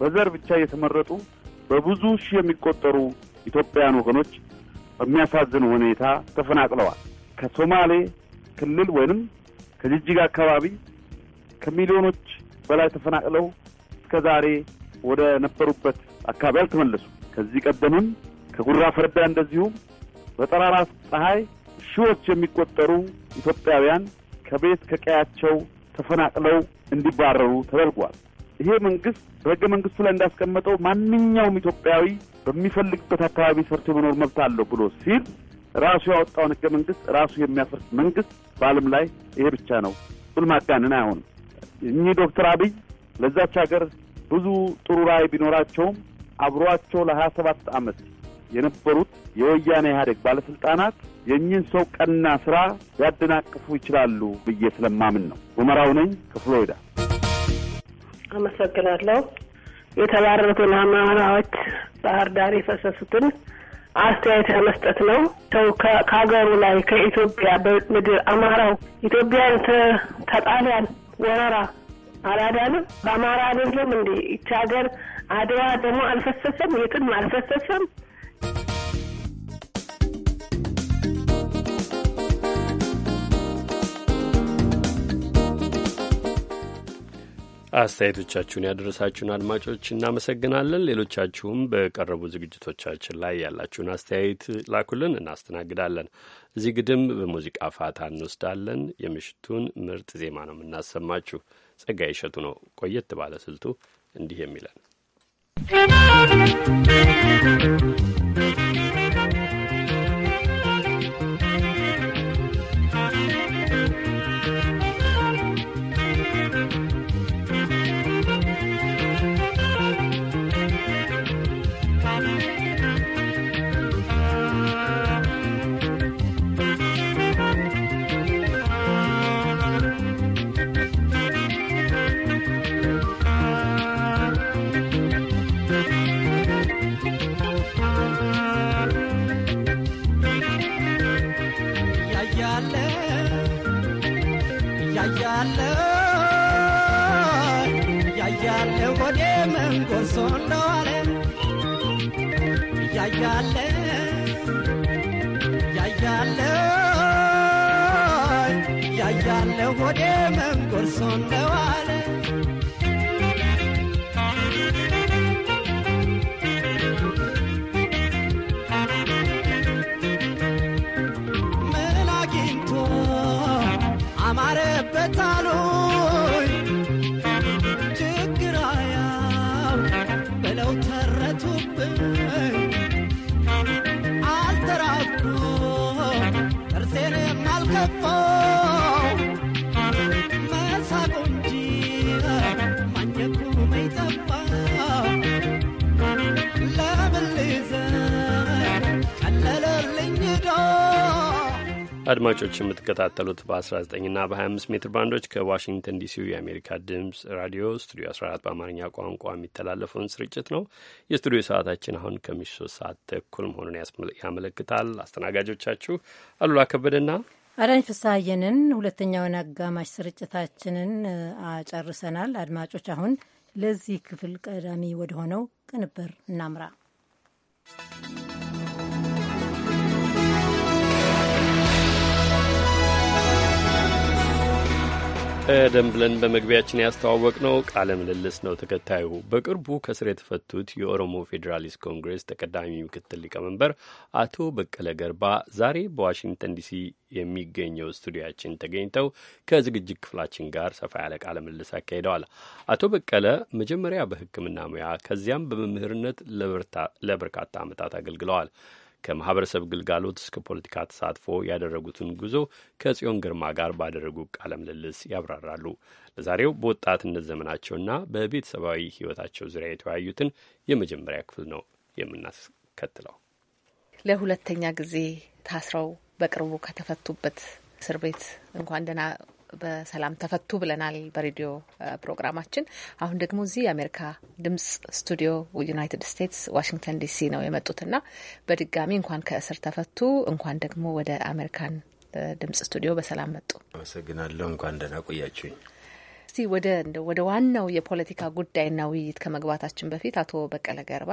L: በዘር ብቻ እየተመረጡ በብዙ ሺህ የሚቆጠሩ ኢትዮጵያውያን ወገኖች በሚያሳዝን ሁኔታ ተፈናቅለዋል። ከሶማሌ ክልል ወይንም ከጅጅጋ አካባቢ ከሚሊዮኖች በላይ ተፈናቅለው እስከ ዛሬ ወደ ነበሩበት አካባቢ አልተመለሱ። ከዚህ ቀደምም ከጉራ ፈረዳ እንደዚሁም በጠራራ ፀሐይ ሺዎች የሚቆጠሩ ኢትዮጵያውያን ከቤት ከቀያቸው ተፈናቅለው እንዲባረሩ ተደርጓል። ይሄ መንግስት በህገ መንግስቱ ላይ እንዳስቀመጠው ማንኛውም ኢትዮጵያዊ በሚፈልግበት አካባቢ ሰርቶ መኖር መብት አለው ብሎ ሲል ራሱ ያወጣውን ህገ መንግስት ራሱ የሚያፈርስ መንግስት በዓለም ላይ ይሄ ብቻ ነው። ቁል ማጋነን አይሆንም። እኚህ ዶክተር አብይ ለዛች ሀገር ብዙ ጥሩ ራዕይ ቢኖራቸውም አብሯቸው ለሀያ ሰባት ዓመት የነበሩት የወያኔ ኢህአዴግ ባለስልጣናት የእኚህን ሰው ቀና ስራ ሊያደናቅፉ ይችላሉ ብዬ ስለማምን ነው። ሁመራው ነኝ ከፍሎሪዳ
G: አመሰግናለሁ። የተባረሩትን አማራዎች ባህር ዳር የፈሰሱትን አስተያየት ለመስጠት ነው። ሰው ከሀገሩ ላይ ከኢትዮጵያ በምድር አማራው ኢትዮጵያን ተጣሊያን ወረራ አላዳንም። በአማራ አይደለም እንዴ? ይቺ ሀገር አድዋ ደግሞ አልፈሰሰም፣ የትም አልፈሰሰም።
C: አስተያየቶቻችሁን ያደረሳችሁን አድማጮች እናመሰግናለን። ሌሎቻችሁም በቀረቡ ዝግጅቶቻችን ላይ ያላችሁን አስተያየት ላኩልን፣ እናስተናግዳለን። እዚህ ግድም በሙዚቃ ፋታ እንወስዳለን። የምሽቱን ምርጥ ዜማ ነው የምናሰማችሁ። ጸጋዬ ሸቱ ነው ቆየት ባለ ስልቱ እንዲህ የሚለን
I: ያያለው ያያለው ወደ መንጎሶ እንደዋለ ያያለው ያያለው ያያለው ወደ መንጎሶ እንደዋለ
C: አድማጮች የምትከታተሉት በ19ና በ25 ሜትር ባንዶች ከዋሽንግተን ዲሲው የአሜሪካ ድምፅ ራዲዮ ስቱዲዮ 14 በአማርኛ ቋንቋ የሚተላለፈውን ስርጭት ነው። የስቱዲዮ ሰዓታችን አሁን ከምሽቱ ሶስት ሰዓት ተኩል መሆኑን ያመለክታል። አስተናጋጆቻችሁ አሉላ ከበደና
A: አዳኝ ፍስሐየንን ሁለተኛውን አጋማሽ ስርጭታችንን አጨርሰናል። አድማጮች አሁን ለዚህ ክፍል ቀዳሚ ወደ ሆነው ቅንብር እናምራ።
C: ቀደም ብለን በመግቢያችን ያስተዋወቅ ነው ቃለ ምልልስ ነው ተከታዩ። በቅርቡ ከስር የተፈቱት የኦሮሞ ፌዴራሊስት ኮንግሬስ ተቀዳሚ ምክትል ሊቀመንበር አቶ በቀለ ገርባ ዛሬ በዋሽንግተን ዲሲ የሚገኘው ስቱዲያችን ተገኝተው ከዝግጅት ክፍላችን ጋር ሰፋ ያለ ቃለ ምልልስ አካሂደዋል። አቶ በቀለ መጀመሪያ በሕክምና ሙያ ከዚያም በመምህርነት ለበርካታ ዓመታት አገልግለዋል። ከማህበረሰብ ግልጋሎት እስከ ፖለቲካ ተሳትፎ ያደረጉትን ጉዞ ከጽዮን ግርማ ጋር ባደረጉ ቃለ ምልልስ ያብራራሉ። ለዛሬው በወጣትነት ዘመናቸውና በቤተሰባዊ ሕይወታቸው ዙሪያ የተወያዩትን የመጀመሪያ ክፍል ነው የምናስከትለው።
M: ለሁለተኛ ጊዜ ታስረው በቅርቡ ከተፈቱበት እስር ቤት እንኳን ደህና በሰላም ተፈቱ ብለናል በሬዲዮ ፕሮግራማችን። አሁን ደግሞ እዚህ የአሜሪካ ድምጽ ስቱዲዮ ዩናይትድ ስቴትስ ዋሽንግተን ዲሲ ነው የመጡትና በድጋሚ እንኳን ከእስር ተፈቱ፣ እንኳን ደግሞ ወደ አሜሪካን ድምጽ ስቱዲዮ በሰላም መጡ።
E: አመሰግናለሁ። እንኳን ደህና ቆያችሁኝ።
M: እስቲ ወደ ወደ ዋናው የፖለቲካ ጉዳይና ውይይት ከመግባታችን በፊት አቶ በቀለ ገርባ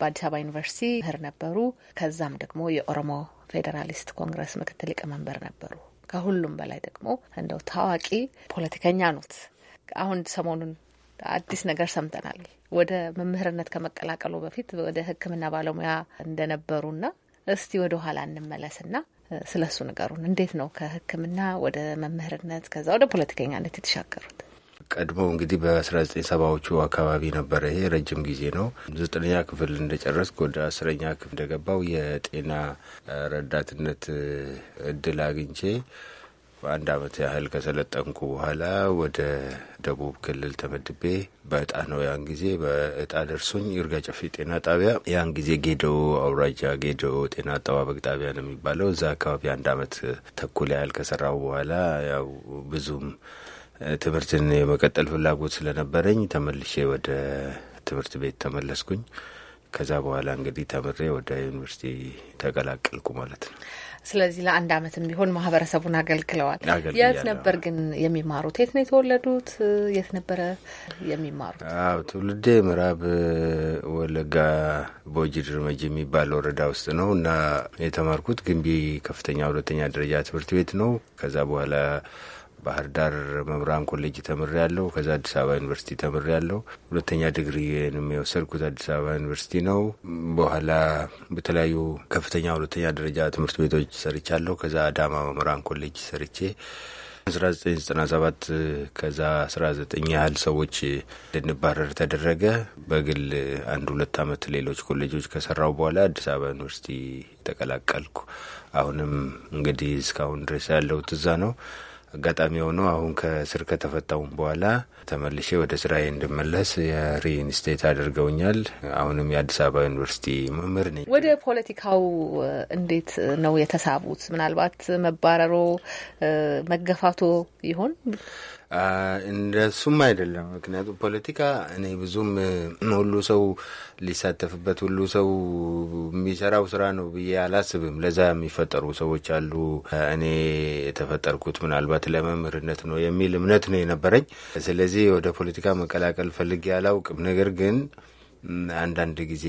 M: በአዲስ አበባ ዩኒቨርሲቲ ምህር ነበሩ። ከዛም ደግሞ የኦሮሞ ፌዴራሊስት ኮንግረስ ምክትል ሊቀመንበር ነበሩ። ከሁሉም በላይ ደግሞ እንደው ታዋቂ ፖለቲከኛ ኖት። አሁን ሰሞኑን አዲስ ነገር ሰምተናል። ወደ መምህርነት ከመቀላቀሉ በፊት ወደ ሕክምና ባለሙያ እንደነበሩና እስቲ ወደ ኋላ እንመለስና ስለ እሱ ንገሩን። እንዴት ነው ከሕክምና ወደ መምህርነት ከዛ ወደ ፖለቲከኛነት የተሻገሩት?
E: ቀድሞ እንግዲህ በ19 ሰባዎቹ አካባቢ ነበረ። ይሄ ረጅም ጊዜ ነው። ዘጠነኛ ክፍል እንደጨረስኩ ወደ አስረኛ ክፍል እንደገባው የጤና ረዳትነት እድል አግኝቼ በአንድ አመት ያህል ከሰለጠንኩ በኋላ ወደ ደቡብ ክልል ተመድቤ በእጣ ነው ያን ጊዜ በእጣ ደርሶኝ ይርጋ ጨፌ ጤና ጣቢያ ያን ጊዜ ጌዶ አውራጃ ጌዶ ጤና አጠባበቅ ጣቢያ ነው የሚባለው። እዛ አካባቢ አንድ አመት ተኩል ያህል ከሰራው በኋላ ያው ብዙም ትምህርትን የመቀጠል ፍላጎት ስለነበረኝ ተመልሼ ወደ ትምህርት ቤት ተመለስኩኝ። ከዛ በኋላ እንግዲህ ተምሬ ወደ ዩኒቨርሲቲ ተቀላቀልኩ ማለት ነው።
M: ስለዚህ ለአንድ አመትም ቢሆን ማህበረሰቡን አገልግለዋል። የት ነበር ግን የሚማሩት? የት ነው የተወለዱት? የት ነበረ የሚማሩት?
E: ትውልዴ ምዕራብ ወለጋ ቦጂ ድርመጅ የሚባል ወረዳ ውስጥ ነው እና የተማርኩት ግንቢ ከፍተኛ ሁለተኛ ደረጃ ትምህርት ቤት ነው። ከዛ በኋላ ባህር ዳር መብርሃን ኮሌጅ ተምሬ ያለው። ከዛ አዲስ አበባ ዩኒቨርሲቲ ተምሬ ያለው። ሁለተኛ ዲግሪን የወሰድኩት አዲስ አበባ ዩኒቨርሲቲ ነው። በኋላ በተለያዩ ከፍተኛ ሁለተኛ ደረጃ ትምህርት ቤቶች ሰርቻለሁ። ከዛ አዳማ መምህራን ኮሌጅ ሰርቼ 1997 ከዛ 19 ያህል ሰዎች እንድንባረር ተደረገ። በግል አንድ ሁለት ዓመት ሌሎች ኮሌጆች ከሰራው በኋላ አዲስ አበባ ዩኒቨርሲቲ ተቀላቀልኩ። አሁንም እንግዲህ እስካሁን ድረስ ያለው ትዛ ነው። አጋጣሚ ሆኖ አሁን ከእስር ከተፈታውም በኋላ ተመልሼ ወደ ስራዬ እንድመለስ የሪኢንስቴት አድርገውኛል። አሁንም የአዲስ አበባ ዩኒቨርሲቲ መምህር ነኝ።
M: ወደ ፖለቲካው እንዴት ነው የተሳቡት? ምናልባት መባረሮ መገፋቶ ይሆን?
E: እንደሱም አይደለም። ምክንያቱም ፖለቲካ እኔ ብዙም ሁሉ ሰው ሊሳተፍበት ሁሉ ሰው የሚሰራው ስራ ነው ብዬ አላስብም። ለዛ የሚፈጠሩ ሰዎች አሉ። እኔ የተፈጠርኩት ምናልባት ለመምህርነት ነው የሚል እምነት ነው የነበረኝ። ስለዚህ ወደ ፖለቲካ መቀላቀል ፈልጌ አላውቅም። ነገር ግን አንዳንድ ጊዜ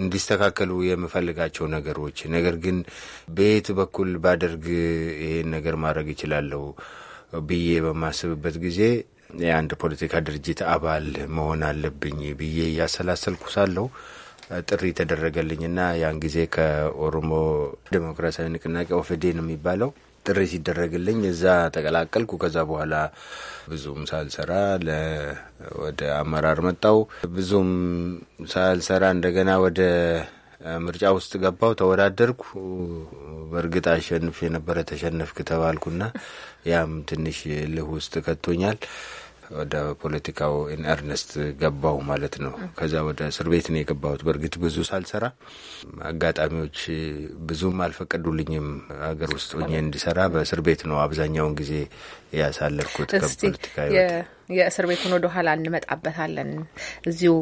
E: እንዲስተካከሉ የምፈልጋቸው ነገሮች ነገር ግን በየት በኩል ባደርግ ይሄን ነገር ማድረግ ይችላለሁ ብዬ በማስብበት ጊዜ የአንድ ፖለቲካ ድርጅት አባል መሆን አለብኝ ብዬ እያሰላሰልኩ ሳለሁ ጥሪ ተደረገልኝና ያን ጊዜ ከኦሮሞ ዴሞክራሲያዊ ንቅናቄ ነው የሚባለው ጥሪ ሲደረግልኝ እዛ ተቀላቀልኩ። ከዛ በኋላ ብዙም ሳልሰራ ወደ አመራር መጣው። ብዙም ሳልሰራ እንደገና ወደ ምርጫ ውስጥ ገባው፣ ተወዳደርኩ። በእርግጥ አሸንፍ የነበረ ተሸነፍክ ተባልኩና ያም ትንሽ ልህ ውስጥ ከቶኛል። ወደ ፖለቲካው ኢንኤርነስት ገባው ማለት ነው። ከዛ ወደ እስር ቤት ነው የገባሁት። በእርግጥ ብዙ ሳልሰራ አጋጣሚዎች ብዙም አልፈቀዱልኝም። ሀገር ውስጥ ሆኜ እንዲሰራ በእስር ቤት ነው አብዛኛውን ጊዜ ያሳለፍኩት። ከፖለቲካ
M: የእስር ቤቱን ወደ ኋላ እንመጣበታለን። እዚሁ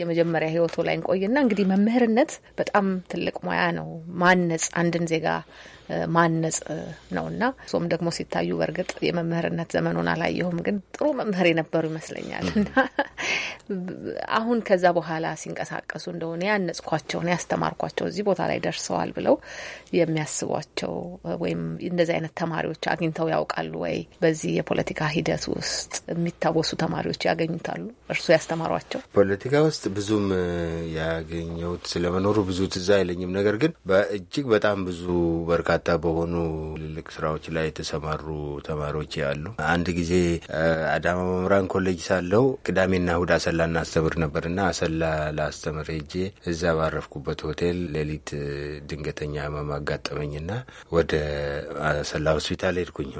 M: የመጀመሪያ ህይወቱ ላይ እንቆይና እንግዲህ መምህርነት በጣም ትልቅ ሙያ ነው። ማነጽ አንድን ዜጋ ማነጽ ነው እና እሱም ደግሞ ሲታዩ በእርግጥ የመምህርነት ዘመኑን አላየሁም፣ ግን ጥሩ መምህር የነበሩ ይመስለኛል እና አሁን ከዛ በኋላ ሲንቀሳቀሱ እንደሆነ ያነጽኳቸውን ያስተማርኳቸው እዚህ ቦታ ላይ ደርሰዋል ብለው የሚያስቧቸው ወይም እንደዚህ አይነት ተማሪዎች አግኝተው ያውቃሉ ወይ? በዚህ የፖለቲካ ሂደት ውስጥ የሚታወሱ ተማሪዎች ያገኙታሉ? እርሱ ያስተማሯቸው
E: ፖለቲካ ውስጥ ብዙም ያገኘሁት ስለመኖሩ ብዙ ትዝ አይለኝም። ነገር ግን በእጅግ በጣም ብዙ በርካ በርካታ በሆኑ ትልልቅ ስራዎች ላይ የተሰማሩ ተማሪዎች ያሉ። አንድ ጊዜ አዳማ መምህራን ኮሌጅ ሳለው ቅዳሜና እሁድ አሰላ እናስተምር ነበርና አሰላ ላስተምር ሄጄ እዛ ባረፍኩበት ሆቴል ሌሊት ድንገተኛ ህመም አጋጠመኝና ወደ አሰላ ሆስፒታል ሄድኩኝ።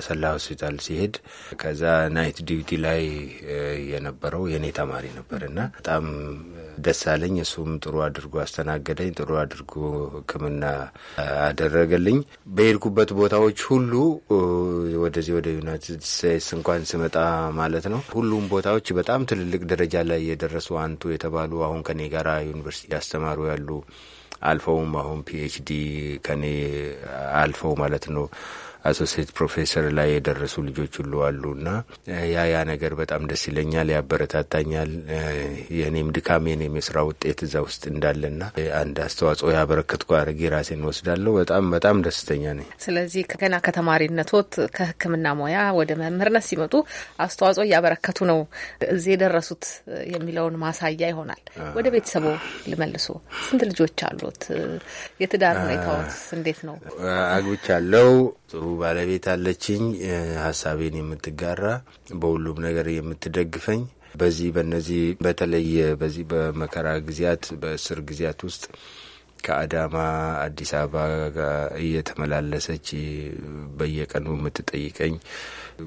E: አሰላ ሆስፒታል ሲሄድ ከዛ ናይት ዲዩቲ ላይ የነበረው የኔ ተማሪ ነበርና በጣም ደሳለኝ። እሱም ጥሩ አድርጎ አስተናገደኝ፣ ጥሩ አድርጎ ሕክምና አደረገልኝ። በሄድኩበት ቦታዎች ሁሉ ወደዚህ ወደ ዩናይትድ ስቴትስ እንኳን ስመጣ ማለት ነው ሁሉም ቦታዎች በጣም ትልልቅ ደረጃ ላይ የደረሱ አንቱ የተባሉ አሁን ከኔ ጋራ ዩኒቨርሲቲ ያስተማሩ ያሉ አልፈውም አሁን ፒኤችዲ ከኔ አልፈው ማለት ነው አሶሴት ፕሮፌሰር ላይ የደረሱ ልጆች ሁሉ እና ያ ያ ነገር በጣም ደስ ይለኛል፣ ያበረታታኛል። የእኔም ድካም የኔም የስራ ውጤት እዛ ውስጥ እንዳለና አንድ አስተዋጽኦ ያበረከትኩ አድርጌ ራሴን ወስዳለሁ። በጣም በጣም ደስተኛ ነኝ።
M: ስለዚህ ገና ከተማሪነቶት ከህክምና ሙያ ወደ መምህርነት ሲመጡ አስተዋጽኦ እያበረከቱ ነው እዚህ የደረሱት የሚለውን ማሳያ ይሆናል። ወደ ቤተሰቡ ልመልሶ ስንት ልጆች አሉት? የትዳር ሁኔታዎት እንዴት ነው?
E: አግብቻለሁ። ጥሩ ባለቤት አለችኝ፣ ሀሳቤን የምትጋራ በሁሉም ነገር የምትደግፈኝ በዚህ በነዚህ በተለየ በዚህ በመከራ ጊዜያት በእስር ጊዜያት ውስጥ ከአዳማ አዲስ አበባ እየተመላለሰች በየቀኑ የምትጠይቀኝ፣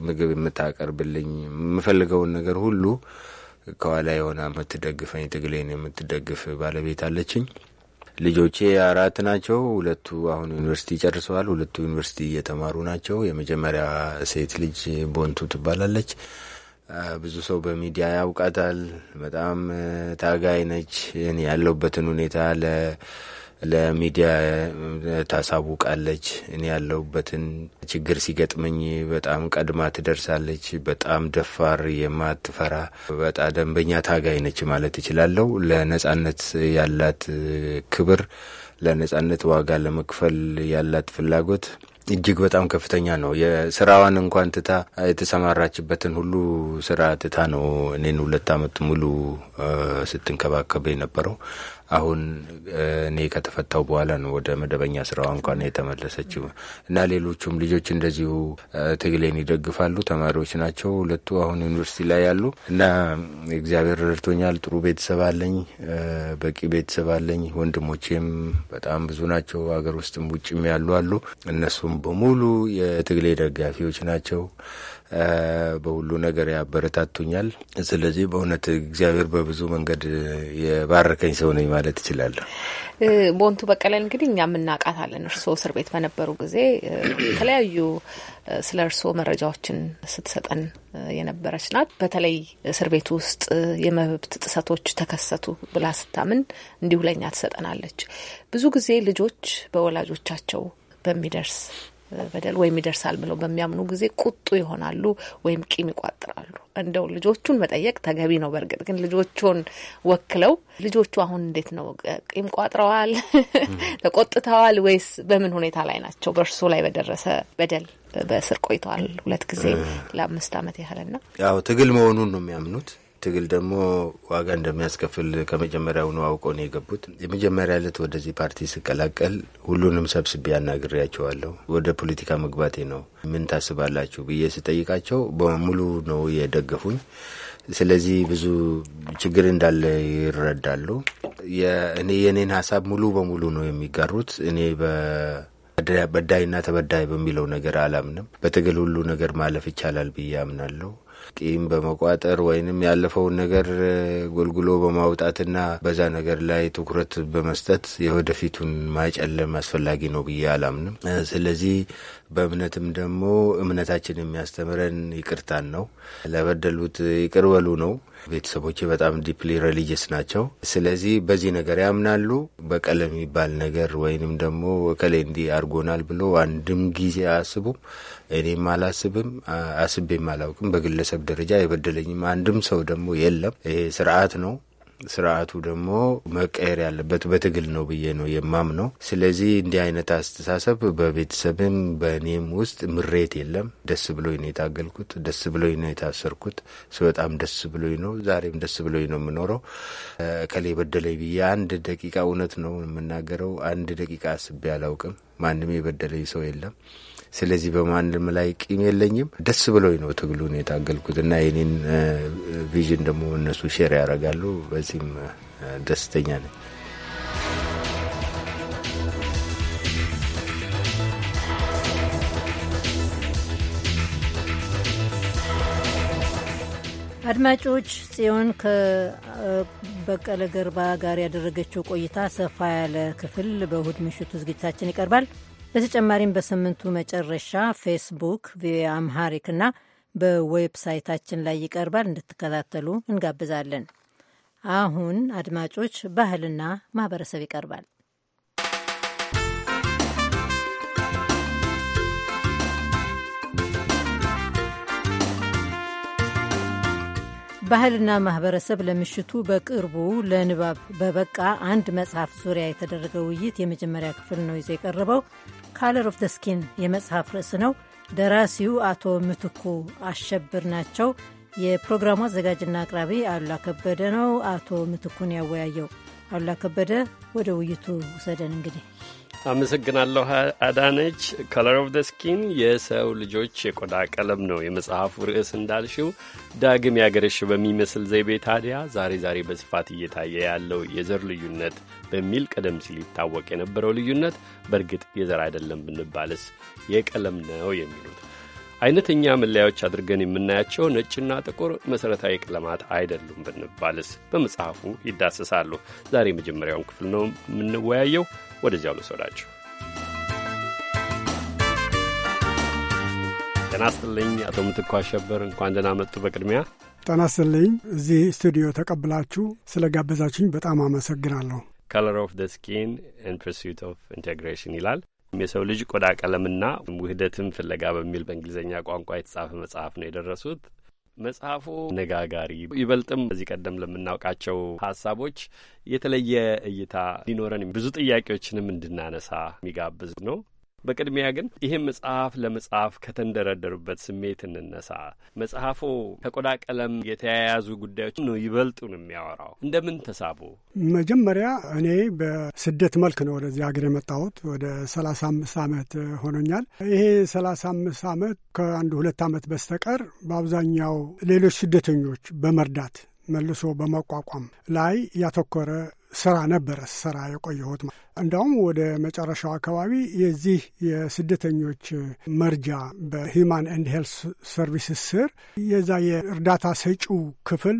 E: ምግብ የምታቀርብልኝ፣ የምፈልገውን ነገር ሁሉ ከኋላ የሆነ የምትደግፈኝ፣ ትግሌን የምትደግፍ ባለቤት አለችኝ። ልጆቼ አራት ናቸው። ሁለቱ አሁን ዩኒቨርሲቲ ጨርሰዋል። ሁለቱ ዩኒቨርሲቲ እየተማሩ ናቸው። የመጀመሪያ ሴት ልጅ ቦንቱ ትባላለች። ብዙ ሰው በሚዲያ ያውቃታል። በጣም ታጋይ ነች። ያለሁበትን ሁኔታ ለሚዲያ ታሳውቃለች። እኔ ያለሁበትን ችግር ሲገጥመኝ በጣም ቀድማ ትደርሳለች። በጣም ደፋር፣ የማትፈራ በጣ ደንበኛ ታጋይ ነች ማለት እችላለሁ። ለነጻነት ያላት ክብር፣ ለነጻነት ዋጋ ለመክፈል ያላት ፍላጎት እጅግ በጣም ከፍተኛ ነው። የስራዋን እንኳን ትታ የተሰማራችበትን ሁሉ ስራ ትታ ነው እኔን ሁለት አመት ሙሉ ስትንከባከበ የነበረው። አሁን እኔ ከተፈታው በኋላ ነው ወደ መደበኛ ስራዋ እንኳን የተመለሰችው እና ሌሎቹም ልጆች እንደዚሁ ትግሌን ይደግፋሉ። ተማሪዎች ናቸው ሁለቱ አሁን ዩኒቨርሲቲ ላይ ያሉ እና እግዚአብሔር ረድቶኛል። ጥሩ ቤተሰብ አለኝ፣ በቂ ቤተሰብ አለኝ። ወንድሞቼም በጣም ብዙ ናቸው፣ ሀገር ውስጥም ውጭም ያሉ አሉ። እነሱም በሙሉ የትግሌ ደጋፊዎች ናቸው። በሁሉ ነገር ያበረታቱኛል። ስለዚህ በእውነት እግዚአብሔር በብዙ መንገድ የባረከኝ ሰው ነኝ ማለት እችላለሁ።
M: ቦንቱ በቀለን እንግዲህ እኛ እናውቃታለን። እርስዎ እስር ቤት በነበሩ ጊዜ የተለያዩ ስለ እርስዎ መረጃዎችን ስትሰጠን የነበረች ናት። በተለይ እስር ቤት ውስጥ የመብት ጥሰቶች ተከሰቱ ብላ ስታምን እንዲሁ ለኛ ትሰጠናለች። ብዙ ጊዜ ልጆች በወላጆቻቸው በሚደርስ በደል ወይም ይደርሳል ብለው በሚያምኑ ጊዜ ቁጡ ይሆናሉ ወይም ቂም ይቋጥራሉ። እንደው ልጆቹን መጠየቅ ተገቢ ነው። በእርግጥ ግን ልጆቹን ወክለው ልጆቹ አሁን እንዴት ነው ቂም ቋጥረዋል፣ ተቆጥተዋል ወይስ በምን ሁኔታ ላይ ናቸው? በእርሶ ላይ በደረሰ በደል በእስር ቆይተዋል ሁለት ጊዜ ለአምስት ዓመት ያህልና
E: ያው ትግል መሆኑን ነው የሚያምኑት ትግል ደግሞ ዋጋ እንደሚያስከፍል ከመጀመሪያውኑ አውቀው ነው የገቡት። የመጀመሪያ ዕለት ወደዚህ ፓርቲ ስቀላቀል ሁሉንም ሰብስቤ አናግሬያቸዋለሁ። ወደ ፖለቲካ መግባቴ ነው ምን ታስባላችሁ ብዬ ስጠይቃቸው በሙሉ ነው የደገፉኝ። ስለዚህ ብዙ ችግር እንዳለ ይረዳሉ። እኔ የእኔን ሀሳብ ሙሉ በሙሉ ነው የሚጋሩት። እኔ በዳይና ተበዳይ በሚለው ነገር አላምንም። በትግል ሁሉ ነገር ማለፍ ይቻላል ብዬ አምናለሁ። ቂም በመቋጠር ወይንም ያለፈውን ነገር ጎልጉሎ በማውጣትና በዛ ነገር ላይ ትኩረት በመስጠት የወደፊቱን ማጨለም አስፈላጊ ነው ብዬ አላምንም። ስለዚህ በእምነትም ደግሞ እምነታችን የሚያስተምረን ይቅርታን ነው። ለበደሉት ይቅር በሉ ነው። ቤተሰቦች በጣም ዲፕሊ ሬሊጅስ ናቸው። ስለዚህ በዚህ ነገር ያምናሉ። በቀል የሚባል ነገር ወይንም ደግሞ እከሌ እንዲህ አድርጎናል ብሎ አንድም ጊዜ አያስቡም። እኔም አላስብም አስቤም አላውቅም። በግለሰብ ደረጃ የበደለኝም አንድም ሰው ደግሞ የለም። ይሄ ስርዓት ነው። ስርዓቱ ደግሞ መቀየር ያለበት በትግል ነው ብዬ ነው የማምነው። ስለዚህ እንዲህ አይነት አስተሳሰብ በቤተሰብም በእኔም ውስጥ ምሬት የለም። ደስ ብሎኝ ነው የታገልኩት፣ ደስ ብሎኝ ነው የታሰርኩት። በጣም ደስ ብሎኝ ነው፣ ዛሬም ደስ ብሎኝ ነው የምኖረው። ከሌ በደለኝ ብዬ አንድ ደቂቃ እውነት ነው የምናገረው፣ አንድ ደቂቃ አስቤ አላውቅም። ማንም የበደለኝ ሰው የለም። ስለዚህ በማንም ላይ ቂም የለኝም። ደስ ብሎኝ ነው ትግሉን የታገልኩት እና የኔን ቪዥን ደግሞ እነሱ ሼር ያደርጋሉ። በዚህም ደስተኛ ነኝ።
A: አድማጮች ጽዮን ከበቀለ ገርባ ጋር ያደረገችው ቆይታ ሰፋ ያለ ክፍል በእሁድ ምሽቱ ዝግጅታችን ይቀርባል። በተጨማሪም በስምንቱ መጨረሻ ፌስቡክ ቪኦኤ አምሃሪክ እና በዌብሳይታችን ላይ ይቀርባል። እንድትከታተሉ እንጋብዛለን። አሁን አድማጮች፣ ባህልና ማህበረሰብ ይቀርባል። ባህልና ማህበረሰብ ለምሽቱ በቅርቡ ለንባብ በበቃ አንድ መጽሐፍ ዙሪያ የተደረገ ውይይት የመጀመሪያ ክፍል ነው ይዞ የቀረበው። ካለር ኦፍ ደ ስኪን የመጽሐፍ ርዕስ ነው። ደራሲው አቶ ምትኩ አሸብር ናቸው። የፕሮግራሙ አዘጋጅና አቅራቢ አሉላ ከበደ ነው። አቶ ምትኩን ያወያየው አሉላ ከበደ። ወደ ውይይቱ ውሰደን እንግዲህ
C: አመሰግናለሁ አዳነች። ከለር ኦፍ ደ ስኪን የሰው ልጆች የቆዳ ቀለም ነው የመጽሐፉ ርዕስ እንዳልሽው ዳግም ያገረሽ በሚመስል ዘይቤ ታዲያ ዛሬ ዛሬ በስፋት እየታየ ያለው የዘር ልዩነት በሚል ቀደም ሲል ይታወቅ የነበረው ልዩነት በእርግጥ የዘር አይደለም ብንባልስ የቀለም ነው የሚሉት አይነተኛ መለያዎች አድርገን የምናያቸው ነጭና ጥቁር መሠረታዊ ቀለማት አይደሉም ብንባልስ በመጽሐፉ ይዳሰሳሉ። ዛሬ የመጀመሪያውን ክፍል ነው የምንወያየው። ወደዚያው ልውሰዳችሁ። ጤና ይስጥልኝ አቶ ምትኩ አሸበር፣ እንኳን ደህና መጡ። በቅድሚያ
N: ጤና ይስጥልኝ። እዚህ ስቱዲዮ ተቀብላችሁ ስለ ጋበዛችሁኝ በጣም አመሰግናለሁ።
C: ከለር ኦፍ ደ ስኪን ኤንድ ፐርሱት ኦፍ ኢንቴግሬሽን ይላል የሰው ልጅ ቆዳ ቀለምና ውህደትን ፍለጋ በሚል በእንግሊዝኛ ቋንቋ የተጻፈ መጽሐፍ ነው የደረሱት። መጽሐፉ ነጋጋሪ ይበልጥም ከዚህ ቀደም ለምናውቃቸው ሀሳቦች የተለየ እይታ ሊኖረን ብዙ ጥያቄዎችንም እንድናነሳ የሚጋብዝ ነው። በቅድሚያ ግን ይህ መጽሐፍ ለመጽሐፍ ከተንደረደሩበት ስሜት እንነሳ። መጽሐፉ ከቆዳ ቀለም የተያያዙ ጉዳዮች ነው ይበልጡን የሚያወራው። እንደምን ተሳቡ?
N: መጀመሪያ እኔ በስደት መልክ ነው ወደዚህ ሀገር የመጣሁት። ወደ ሰላሳ አምስት ዓመት ሆኖኛል። ይሄ ሰላሳ አምስት ዓመት ከአንድ ሁለት ዓመት በስተቀር በአብዛኛው ሌሎች ስደተኞች በመርዳት መልሶ በመቋቋም ላይ ያተኮረ ስራ ነበረ ስራ የቆየሁት። እንዲያውም ወደ መጨረሻው አካባቢ የዚህ የስደተኞች መርጃ በሂማን ኤንድ ሄልስ ሰርቪስስ ስር የዛ የእርዳታ ሰጪው ክፍል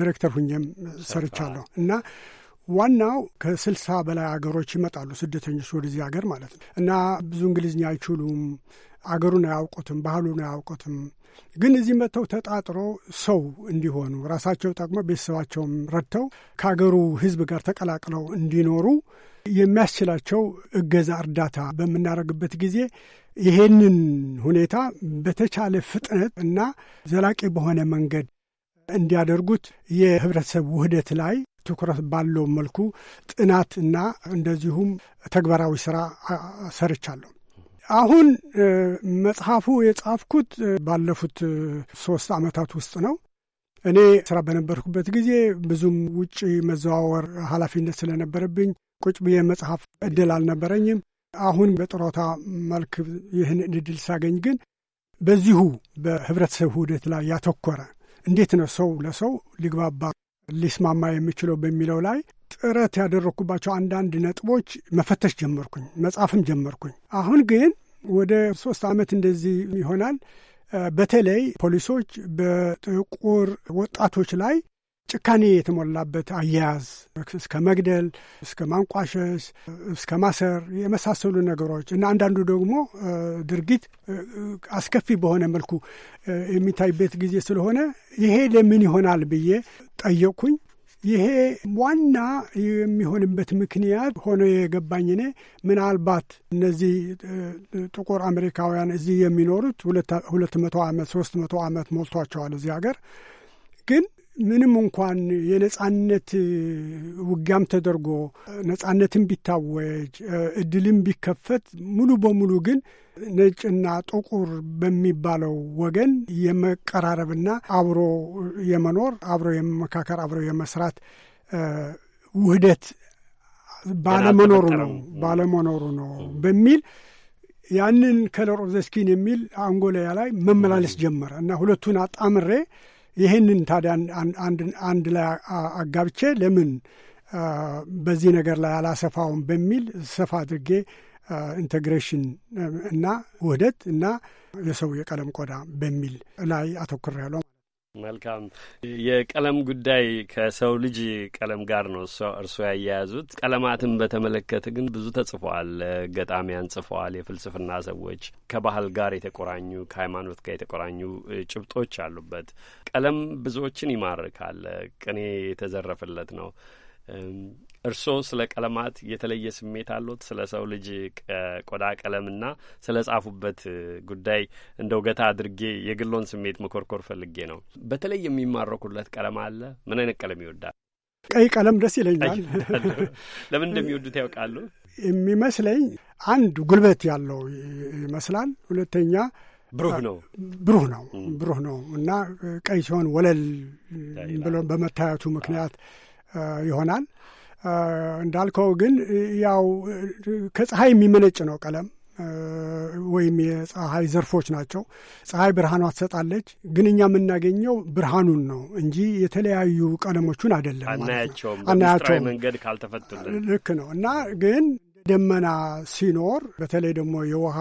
N: ዲሬክተር ሁኜም ሰርቻለሁ እና ዋናው ከስልሳ በላይ አገሮች ይመጣሉ ስደተኞች ወደዚህ ሀገር ማለት ነው እና ብዙ እንግሊዝኛ አይችሉም፣ አገሩን አያውቁትም፣ ባህሉን አያውቁትም ግን እዚህ መጥተው ተጣጥሮ ሰው እንዲሆኑ ራሳቸው ጠቅሞ ቤተሰባቸውም ረድተው ከሀገሩ ሕዝብ ጋር ተቀላቅለው እንዲኖሩ የሚያስችላቸው እገዛ፣ እርዳታ በምናደርግበት ጊዜ ይሄንን ሁኔታ በተቻለ ፍጥነት እና ዘላቂ በሆነ መንገድ እንዲያደርጉት የህብረተሰብ ውህደት ላይ ትኩረት ባለው መልኩ ጥናት እና እንደዚሁም ተግባራዊ ስራ ሰርቻለሁ። አሁን መጽሐፉ የጻፍኩት ባለፉት ሶስት ዓመታት ውስጥ ነው። እኔ ስራ በነበርኩበት ጊዜ ብዙም ውጭ መዘዋወር ኃላፊነት ስለነበረብኝ ቁጭ ብዬ መጽሐፍ እድል አልነበረኝም። አሁን በጥሮታ መልክ ይህን እድል ሳገኝ ግን በዚሁ በህብረተሰብ ውህደት ላይ ያተኮረ እንዴት ነው ሰው ለሰው ሊግባባ ሊስማማ የሚችለው በሚለው ላይ ጥረት ያደረግኩባቸው አንዳንድ ነጥቦች መፈተሽ ጀመርኩኝ፣ መጻፍም ጀመርኩኝ። አሁን ግን ወደ ሶስት ዓመት እንደዚህ ይሆናል በተለይ ፖሊሶች በጥቁር ወጣቶች ላይ ጭካኔ የተሞላበት አያያዝ እስከ መግደል፣ እስከ ማንቋሸሽ፣ እስከ ማሰር የመሳሰሉ ነገሮች እና አንዳንዱ ደግሞ ድርጊት አስከፊ በሆነ መልኩ የሚታይበት ጊዜ ስለሆነ ይሄ ለምን ይሆናል ብዬ ጠየቅኩኝ። ይሄ ዋና የሚሆንበት ምክንያት ሆኖ የገባኝ እኔ ምናልባት እነዚህ ጥቁር አሜሪካውያን እዚህ የሚኖሩት ሁለት መቶ ዓመት ሶስት መቶ ዓመት ሞልቷቸዋል እዚህ ሀገር ግን ምንም እንኳን የነጻነት ውጊያም ተደርጎ ነጻነትም ቢታወጅ እድልም ቢከፈት ሙሉ በሙሉ ግን ነጭና ጥቁር በሚባለው ወገን የመቀራረብና አብሮ የመኖር አብሮ የመመካከር አብሮ የመስራት ውህደት ባለመኖሩ ነው ባለመኖሩ ነው በሚል ያንን ከለር ኦፍ ዘ ስኪን የሚል አንጎላያ ላይ መመላለስ ጀመረ እና ሁለቱን አጣምሬ ይህንን ታዲያ አንድ ላይ አጋብቼ ለምን በዚህ ነገር ላይ አላሰፋውም በሚል ሰፋ አድርጌ ኢንቴግሬሽን እና ውህደት እና የሰው የቀለም ቆዳ በሚል ላይ ያለ
C: መልካም የቀለም ጉዳይ ከሰው ልጅ ቀለም ጋር ነው እርሶ ያያያዙት። ቀለማትን በተመለከተ ግን ብዙ ተጽፏል፣ ገጣሚያን ጽፈዋል፣ የፍልስፍና ሰዎች ከባህል ጋር የተቆራኙ ከሃይማኖት ጋር የተቆራኙ ጭብጦች አሉበት። ቀለም ብዙዎችን ይማርካል፣ ቅኔ የተዘረፈለት ነው። እርስዎ ስለ ቀለማት የተለየ ስሜት አሉት? ስለ ሰው ልጅ ቆዳ ቀለምና ስለ ጻፉበት ጉዳይ እንደ ውገታ አድርጌ የግሎን ስሜት መኮርኮር ፈልጌ ነው። በተለይ የሚማረኩለት ቀለም አለ? ምን አይነት ቀለም ይወዳል?
N: ቀይ ቀለም ደስ ይለኛል።
C: ለምን እንደሚወዱት ያውቃሉ?
N: የሚመስለኝ አንድ ጉልበት ያለው ይመስላል። ሁለተኛ
F: ብሩህ ነው ብሩህ ነው
N: ብሩህ ነው እና ቀይ ሲሆን ወለል ብሎ በመታየቱ ምክንያት ይሆናል። እንዳልከው ግን ያው ከፀሐይ የሚመነጭ ነው ቀለም ወይም የፀሐይ ዘርፎች ናቸው። ፀሐይ ብርሃኗ ትሰጣለች፣ ግን እኛ የምናገኘው ብርሃኑን ነው እንጂ የተለያዩ ቀለሞቹን አይደለም።
C: አናያቸውም መንገድ ካልተፈቱልን
N: ልክ ነው እና ግን ደመና ሲኖር በተለይ ደግሞ የውሃ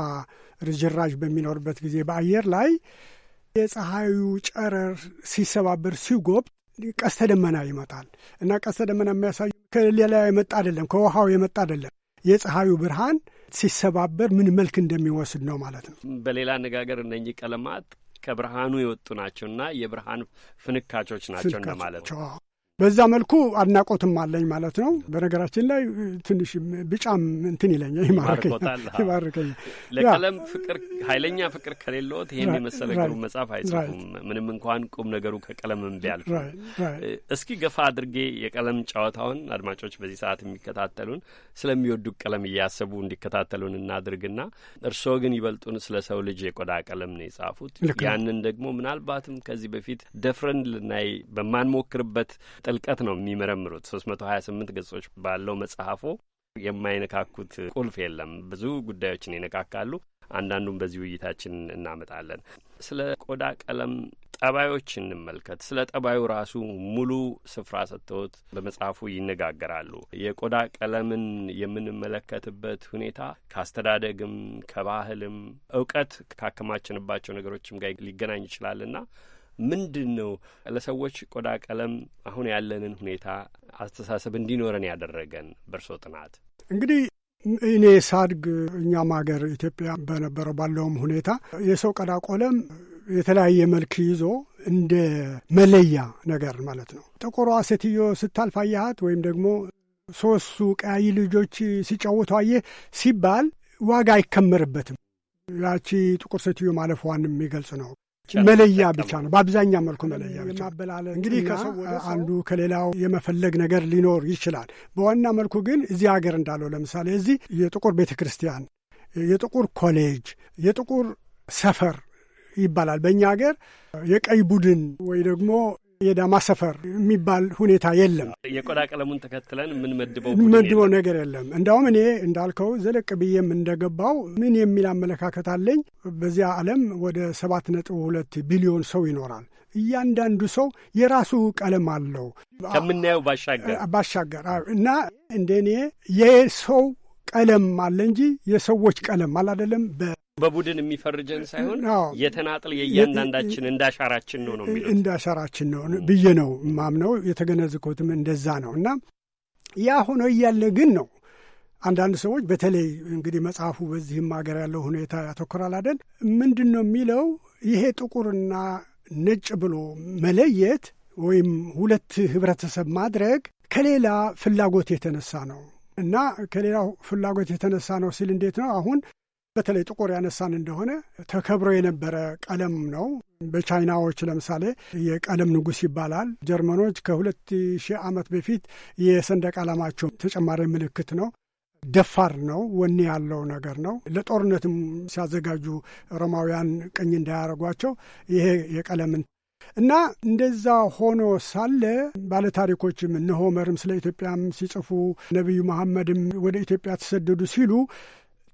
N: ርዥራዥ በሚኖርበት ጊዜ በአየር ላይ የፀሐዩ ጨረር ሲሰባበር ሲጎብጥ ቀስተ ደመና ይመጣል እና ቀስተ ደመና የሚያሳዩ ከሌላ የመጣ አይደለም፣ ከውሃው የመጣ አይደለም። የፀሐዩ ብርሃን ሲሰባበር ምን መልክ እንደሚወስድ ነው ማለት
C: ነው። በሌላ አነጋገር እነኚህ ቀለማት ከብርሃኑ የወጡ ናቸውና የብርሃን ፍንካቾች ናቸው እንደማለት ነው።
N: በዛ መልኩ አድናቆትም አለኝ ማለት ነው። በነገራችን ላይ ትንሽ ቢጫም እንትን ይለኛል፣ ይማርከኛል። ለቀለም
C: ፍቅር ኃይለኛ ፍቅር ከሌለዎት ይህን የመሰለ ግሩም መጽሐፍ አይጽፉም፣ ምንም እንኳን ቁም ነገሩ ከቀለምም ቢያልፍ። እስኪ ገፋ አድርጌ የቀለም ጨዋታውን አድማጮች በዚህ ሰዓት የሚከታተሉን ስለሚወዱት ቀለም እያሰቡ እንዲከታተሉን እናድርግና እርስዎ ግን ይበልጡን ስለ ሰው ልጅ የቆዳ ቀለም ነው የጻፉት። ያንን ደግሞ ምናልባትም ከዚህ በፊት ደፍረን ልናይ በማንሞክርበት ጥልቀት ነው የሚመረምሩት። ሶስት መቶ ሀያ ስምንት ገጾች ባለው መጽሐፎ የማይነካኩት ቁልፍ የለም። ብዙ ጉዳዮችን ይነካካሉ። አንዳንዱም በዚህ ውይይታችን እናመጣለን። ስለ ቆዳ ቀለም ጠባዮች እንመልከት። ስለ ጠባዩ ራሱ ሙሉ ስፍራ ሰጥተውት በመጽሐፉ ይነጋገራሉ። የቆዳ ቀለምን የምንመለከትበት ሁኔታ ከአስተዳደግም ከባህልም እውቀት ካከማችንባቸው ነገሮችም ጋር ሊገናኝ ይችላልና ምንድን ነው ለሰዎች ቆዳ ቀለም አሁን ያለንን ሁኔታ አስተሳሰብ እንዲኖረን ያደረገን በእርሶ ጥናት?
N: እንግዲህ እኔ ሳድግ እኛም ሀገር ኢትዮጵያ በነበረው ባለውም ሁኔታ የሰው ቆዳ ቀለም የተለያየ መልክ ይዞ እንደ መለያ ነገር ማለት ነው። ጥቁሯ ሴትዮ ስታልፍ አየሃት ወይም ደግሞ ሶስቱ ቀያይ ልጆች ሲጫወቱ አየ ሲባል ዋጋ አይከመርበትም። ያቺ ጥቁር ሴትዮ ማለፏን የሚገልጽ ነው። መለያ ብቻ ነው። በአብዛኛ መልኩ መለያ ብቻ እንግዲህ ከሰው አንዱ ከሌላው የመፈለግ ነገር ሊኖር ይችላል። በዋና መልኩ ግን እዚህ ሀገር እንዳለው ለምሳሌ እዚህ የጥቁር ቤተ ክርስቲያን፣ የጥቁር ኮሌጅ፣ የጥቁር ሰፈር ይባላል። በእኛ ሀገር የቀይ ቡድን ወይ ደግሞ የዳማ ሰፈር የሚባል ሁኔታ የለም።
C: የቆዳ ቀለሙን ተከትለን የምንመድበው የምንመድበው ነገር የለም።
N: እንዳውም እኔ እንዳልከው ዘለቅ ብዬም እንደገባው ምን የሚል አመለካከት አለኝ። በዚያ ዓለም ወደ ሰባት ነጥብ ሁለት ቢሊዮን ሰው ይኖራል። እያንዳንዱ ሰው የራሱ ቀለም
C: አለው ከምናየው ባሻገር
N: ባሻገር እና እንደ እኔ የሰው ቀለም አለ እንጂ የሰዎች ቀለም አላደለም።
C: በቡድን የሚፈርጀን ሳይሆን የተናጥል የእያንዳንዳችን እንዳሻራችን ነው ነው የሚሉት
N: እንዳሻራችን ነው ብዬ ነው ማምነው። የተገነዘብኩትም እንደዛ ነው እና ያ ሆኖ እያለ ግን ነው አንዳንድ ሰዎች በተለይ እንግዲህ መጽሐፉ በዚህም ሀገር ያለው ሁኔታ ያተኮራል አይደል? ምንድን ነው የሚለው ይሄ ጥቁርና ነጭ ብሎ መለየት ወይም ሁለት ህብረተሰብ ማድረግ ከሌላ ፍላጎት የተነሳ ነው እና ከሌላ ፍላጎት የተነሳ ነው ሲል እንዴት ነው አሁን በተለይ ጥቁር ያነሳን እንደሆነ ተከብሮ የነበረ ቀለም ነው። በቻይናዎች ለምሳሌ የቀለም ንጉስ ይባላል። ጀርመኖች ከሁለት ሺህ ዓመት በፊት የሰንደቅ ዓላማቸው ተጨማሪ ምልክት ነው። ደፋር ነው። ወኔ ያለው ነገር ነው። ለጦርነትም ሲያዘጋጁ ሮማውያን ቅኝ እንዳያደርጓቸው ይሄ የቀለምን እና እንደዛ ሆኖ ሳለ ባለታሪኮችም እነ ሆመርም ስለ ኢትዮጵያም ሲጽፉ ነቢዩ መሐመድም ወደ ኢትዮጵያ ተሰደዱ ሲሉ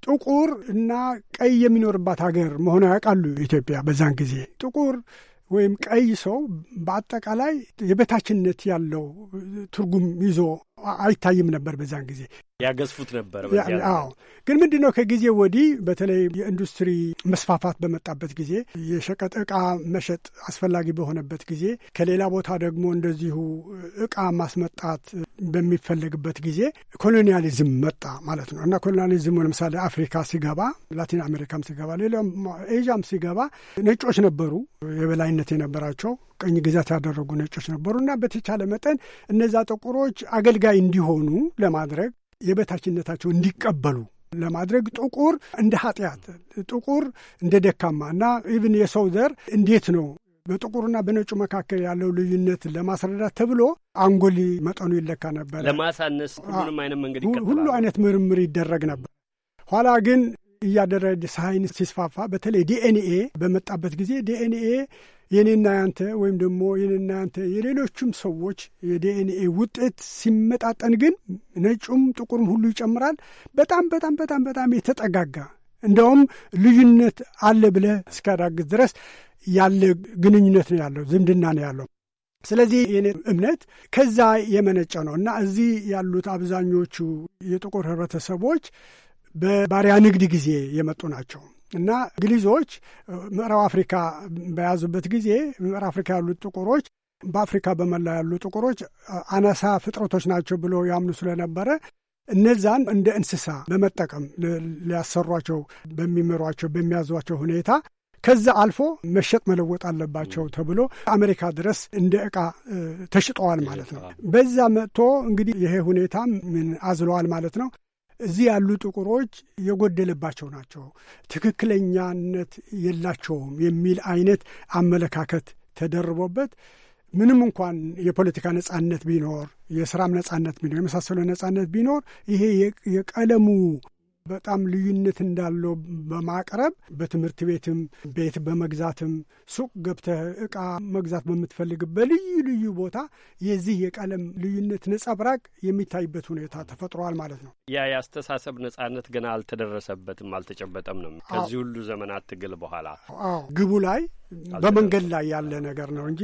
N: ጥቁር እና ቀይ የሚኖርባት ሀገር መሆኗ ያውቃሉ። ኢትዮጵያ በዛን ጊዜ ጥቁር ወይም ቀይ ሰው በአጠቃላይ የበታችነት ያለው ትርጉም ይዞ አይታይም ነበር በዛን ጊዜ
C: ያገዝፉት ነበር። አዎ
N: ግን ምንድን ነው ከጊዜ ወዲህ በተለይ የኢንዱስትሪ መስፋፋት በመጣበት ጊዜ የሸቀጥ እቃ መሸጥ አስፈላጊ በሆነበት ጊዜ ከሌላ ቦታ ደግሞ እንደዚሁ እቃ ማስመጣት በሚፈለግበት ጊዜ ኮሎኒያሊዝም መጣ ማለት ነው እና ኮሎኒያሊዝም ለምሳሌ አፍሪካ ሲገባ፣ ላቲን አሜሪካም ሲገባ፣ ሌላም ኤዥያም ሲገባ ነጮች ነበሩ የበላይነት የነበራቸው ቅኝ ግዛት ያደረጉ ነጮች ነበሩ እና በተቻለ መጠን እነዛ ጥቁሮች አገልጋይ እንዲሆኑ ለማድረግ የበታችነታቸው እንዲቀበሉ ለማድረግ ጥቁር እንደ ኃጢአት ጥቁር እንደ ደካማ እና ኢቭን የሰው ዘር እንዴት ነው በጥቁርና በነጩ መካከል ያለው ልዩነት ለማስረዳት ተብሎ አንጎል መጠኑ ይለካ ነበር።
C: ለማሳነስ ሁሉንም አይነት መንገድ
N: ሁሉ አይነት ምርምር ይደረግ ነበር። ኋላ ግን እያደረ ሳይንስ ሲስፋፋ በተለይ ዲኤንኤ በመጣበት ጊዜ ዲኤንኤ የኔና ያንተ ወይም ደግሞ የኔና ያንተ የሌሎችም ሰዎች የዲኤንኤ ውጤት ሲመጣጠን ግን ነጩም ጥቁርም ሁሉ ይጨምራል። በጣም በጣም በጣም በጣም የተጠጋጋ እንደውም ልዩነት አለ ብለህ እስካዳግዝ ድረስ ያለ ግንኙነት ነው ያለው፣ ዝምድና ነው ያለው። ስለዚህ የኔ እምነት ከዛ የመነጨ ነው እና እዚህ ያሉት አብዛኞቹ የጥቁር ህብረተሰቦች በባሪያ ንግድ ጊዜ የመጡ ናቸው። እና እንግሊዞች ምዕራብ አፍሪካ በያዙበት ጊዜ ምዕራብ አፍሪካ ያሉት ጥቁሮች በአፍሪካ በመላ ያሉ ጥቁሮች አነሳ ፍጥረቶች ናቸው ብሎ ያምኑ ስለነበረ እነዛን እንደ እንስሳ በመጠቀም ሊያሰሯቸው በሚመሯቸው በሚያዟቸው ሁኔታ ከዛ አልፎ መሸጥ መለወጥ አለባቸው ተብሎ አሜሪካ ድረስ እንደ ዕቃ ተሽጠዋል ማለት ነው። በዛ መጥቶ እንግዲህ ይሄ ሁኔታ ምን አዝለዋል ማለት ነው። እዚህ ያሉ ጥቁሮች የጎደለባቸው ናቸው፣ ትክክለኛነት የላቸውም የሚል አይነት አመለካከት ተደርቦበት ምንም እንኳን የፖለቲካ ነጻነት ቢኖር፣ የስራም ነጻነት ቢኖር፣ የመሳሰሉ ነጻነት ቢኖር ይሄ የቀለሙ በጣም ልዩነት እንዳለው በማቅረብ በትምህርት ቤትም ቤት በመግዛትም ሱቅ ገብተህ እቃ መግዛት በምትፈልግ በልዩ ልዩ ቦታ የዚህ የቀለም ልዩነት ነጸብራቅ የሚታይበት ሁኔታ ተፈጥሯል ማለት ነው።
C: ያ የአስተሳሰብ ነጻነት ገና አልተደረሰበትም፣ አልተጨበጠም ነው ከዚህ ሁሉ ዘመናት ትግል በኋላ ግቡ ላይ በመንገድ
N: ላይ ያለ ነገር ነው እንጂ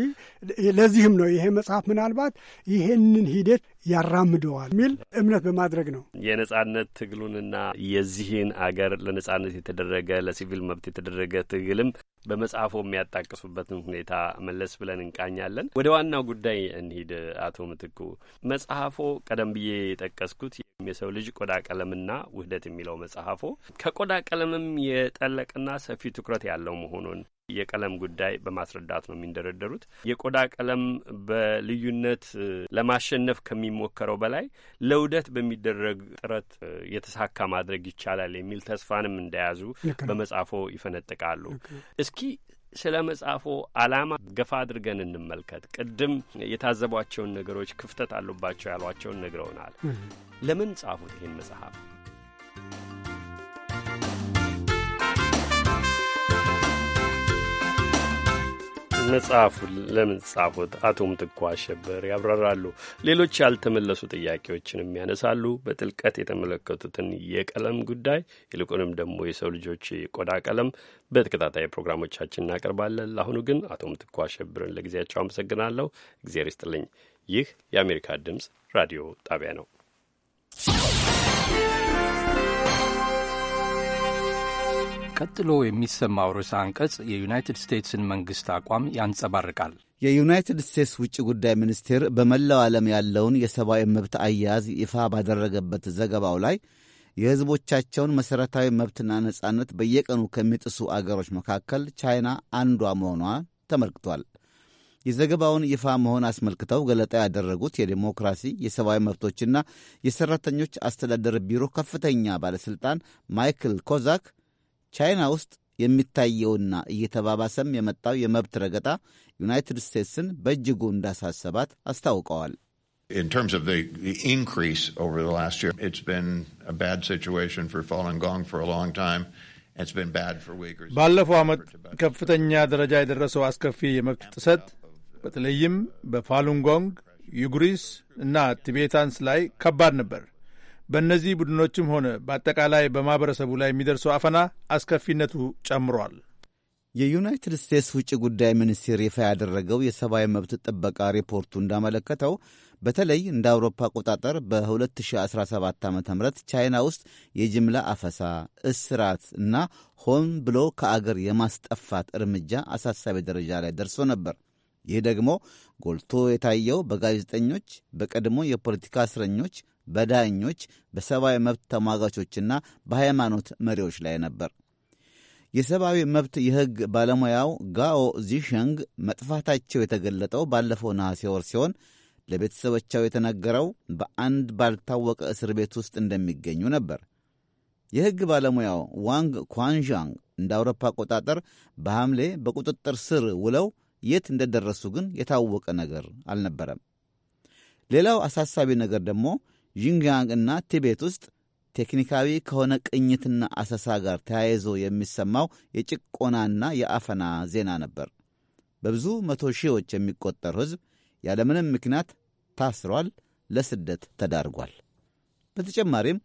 N: ለዚህም ነው ይሄ መጽሐፍ ምናልባት ይሄንን ሂደት ያራምደዋል የሚል እምነት በማድረግ ነው።
C: የነጻነት ትግሉንና የዚህን አገር ለነጻነት የተደረገ ለሲቪል መብት የተደረገ ትግልም በመጽሐፎ የሚያጣቅሱበትን ሁኔታ መለስ ብለን እንቃኛለን። ወደ ዋናው ጉዳይ እንሂድ። አቶ ምትኩ መጽሐፎ ቀደም ብዬ የጠቀስኩት የሰው ልጅ ቆዳ ቀለምና ውህደት የሚለው መጽሐፎ ከቆዳ ቀለምም የጠለቅና ሰፊ ትኩረት ያለው መሆኑን የቀለም ጉዳይ በማስረዳት ነው የሚንደረደሩት። የቆዳ ቀለም በልዩነት ለማሸነፍ ከሚሞከረው በላይ ለውደት በሚደረግ ጥረት የተሳካ ማድረግ ይቻላል የሚል ተስፋንም እንደያዙ በመጽሐፎ ይፈነጥቃሉ። እስኪ ስለ መጽሐፎ ዓላማ ገፋ አድርገን እንመልከት። ቅድም የታዘቧቸውን ነገሮች ክፍተት አሉባቸው ያሏቸውን ነግረውናል። ለምን ጻፉት ይህን መጽሐፍ? መጽሐፉ ለምን ጻፉት? አቶ ምትኩ አሸበር ያብራራሉ። ሌሎች ያልተመለሱ ጥያቄዎችንም ያነሳሉ። በጥልቀት የተመለከቱትን የቀለም ጉዳይ ይልቁንም ደግሞ የሰው ልጆች የቆዳ ቀለም በተከታታይ ፕሮግራሞቻችን እናቀርባለን። ለአሁኑ ግን አቶ ምትኩ አሸብርን ለጊዜያቸው አመሰግናለሁ። እግዜር ይስጥልኝ። ይህ የአሜሪካ ድምፅ ራዲዮ ጣቢያ ነው። ቀጥሎ የሚሰማው ርዕሰ አንቀጽ የዩናይትድ ስቴትስን መንግሥት አቋም ያንጸባርቃል።
J: የዩናይትድ ስቴትስ ውጭ ጉዳይ ሚኒስቴር በመላው ዓለም ያለውን የሰብአዊ መብት አያያዝ ይፋ ባደረገበት ዘገባው ላይ የሕዝቦቻቸውን መሠረታዊ መብትና ነጻነት በየቀኑ ከሚጥሱ አገሮች መካከል ቻይና አንዷ መሆኗ ተመልክቷል። የዘገባውን ይፋ መሆን አስመልክተው ገለጣ ያደረጉት የዴሞክራሲ የሰብአዊ መብቶችና የሠራተኞች አስተዳደር ቢሮ ከፍተኛ ባለሥልጣን ማይክል ኮዛክ ቻይና ውስጥ የሚታየውና እየተባባሰም የመጣው የመብት ረገጣ ዩናይትድ ስቴትስን በእጅጉ እንዳሳሰባት አስታውቀዋል።
E: ባለፈው ዓመት ከፍተኛ ደረጃ የደረሰው አስከፊ የመብት ጥሰት በተለይም በፋሉንጎንግ፣ ዩጉሪስ እና ቲቤታንስ ላይ ከባድ ነበር። በእነዚህ ቡድኖችም ሆነ በአጠቃላይ በማኅበረሰቡ ላይ የሚደርሰው አፈና አስከፊነቱ ጨምሯል።
J: የዩናይትድ ስቴትስ ውጭ ጉዳይ ሚኒስቴር ይፋ ያደረገው የሰብአዊ መብት ጥበቃ ሪፖርቱ እንዳመለከተው በተለይ እንደ አውሮፓ አቆጣጠር በ2017 ዓ ም ቻይና ውስጥ የጅምላ አፈሳ፣ እስራት እና ሆን ብሎ ከአገር የማስጠፋት እርምጃ አሳሳቢ ደረጃ ላይ ደርሶ ነበር። ይህ ደግሞ ጎልቶ የታየው በጋዜጠኞች፣ በቀድሞ የፖለቲካ እስረኞች፣ በዳኞች፣ በሰብአዊ መብት ተሟጋቾችና በሃይማኖት መሪዎች ላይ ነበር። የሰብአዊ መብት የሕግ ባለሙያው ጋኦ ዚሸንግ መጥፋታቸው የተገለጠው ባለፈው ነሐሴ ወር ሲሆን ለቤተሰቦቻው የተነገረው በአንድ ባልታወቀ እስር ቤት ውስጥ እንደሚገኙ ነበር። የሕግ ባለሙያው ዋንግ ኳንዣንግ እንደ አውሮፓ አቆጣጠር በሐምሌ በቁጥጥር ስር ውለው የት እንደደረሱ ግን የታወቀ ነገር አልነበረም። ሌላው አሳሳቢ ነገር ደግሞ ዥንግያንግ እና ቲቤት ውስጥ ቴክኒካዊ ከሆነ ቅኝትና አሰሳ ጋር ተያይዞ የሚሰማው የጭቆናና የአፈና ዜና ነበር። በብዙ መቶ ሺዎች የሚቆጠር ሕዝብ ያለምንም ምክንያት ታስሯል፣ ለስደት ተዳርጓል። በተጨማሪም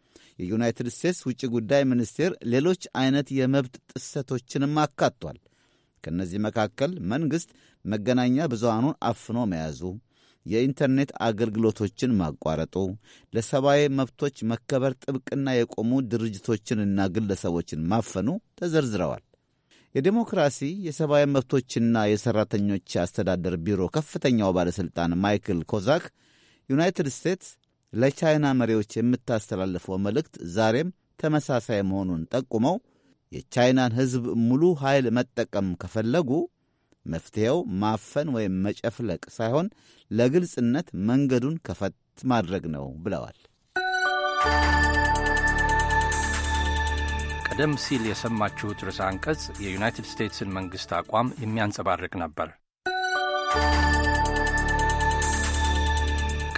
J: የዩናይትድ ስቴትስ ውጭ ጉዳይ ሚኒስቴር ሌሎች አይነት የመብት ጥሰቶችንም አካቷል። ከእነዚህ መካከል መንግሥት መገናኛ ብዙሃኑን አፍኖ መያዙ፣ የኢንተርኔት አገልግሎቶችን ማቋረጡ፣ ለሰብአዊ መብቶች መከበር ጥብቅና የቆሙ ድርጅቶችንና ግለሰቦችን ማፈኑ ተዘርዝረዋል። የዴሞክራሲ የሰብአዊ መብቶችና የሠራተኞች አስተዳደር ቢሮ ከፍተኛው ባለሥልጣን ማይክል ኮዛክ ዩናይትድ ስቴትስ ለቻይና መሪዎች የምታስተላልፈው መልእክት ዛሬም ተመሳሳይ መሆኑን ጠቁመው የቻይናን ሕዝብ ሙሉ ኃይል መጠቀም ከፈለጉ መፍትሔው ማፈን ወይም መጨፍለቅ ሳይሆን ለግልጽነት መንገዱን ከፈት ማድረግ ነው ብለዋል።
A: ቀደም ሲል የሰማችሁት ርዕሰ አንቀጽ የዩናይትድ ስቴትስን መንግሥት
C: አቋም የሚያንጸባርቅ ነበር።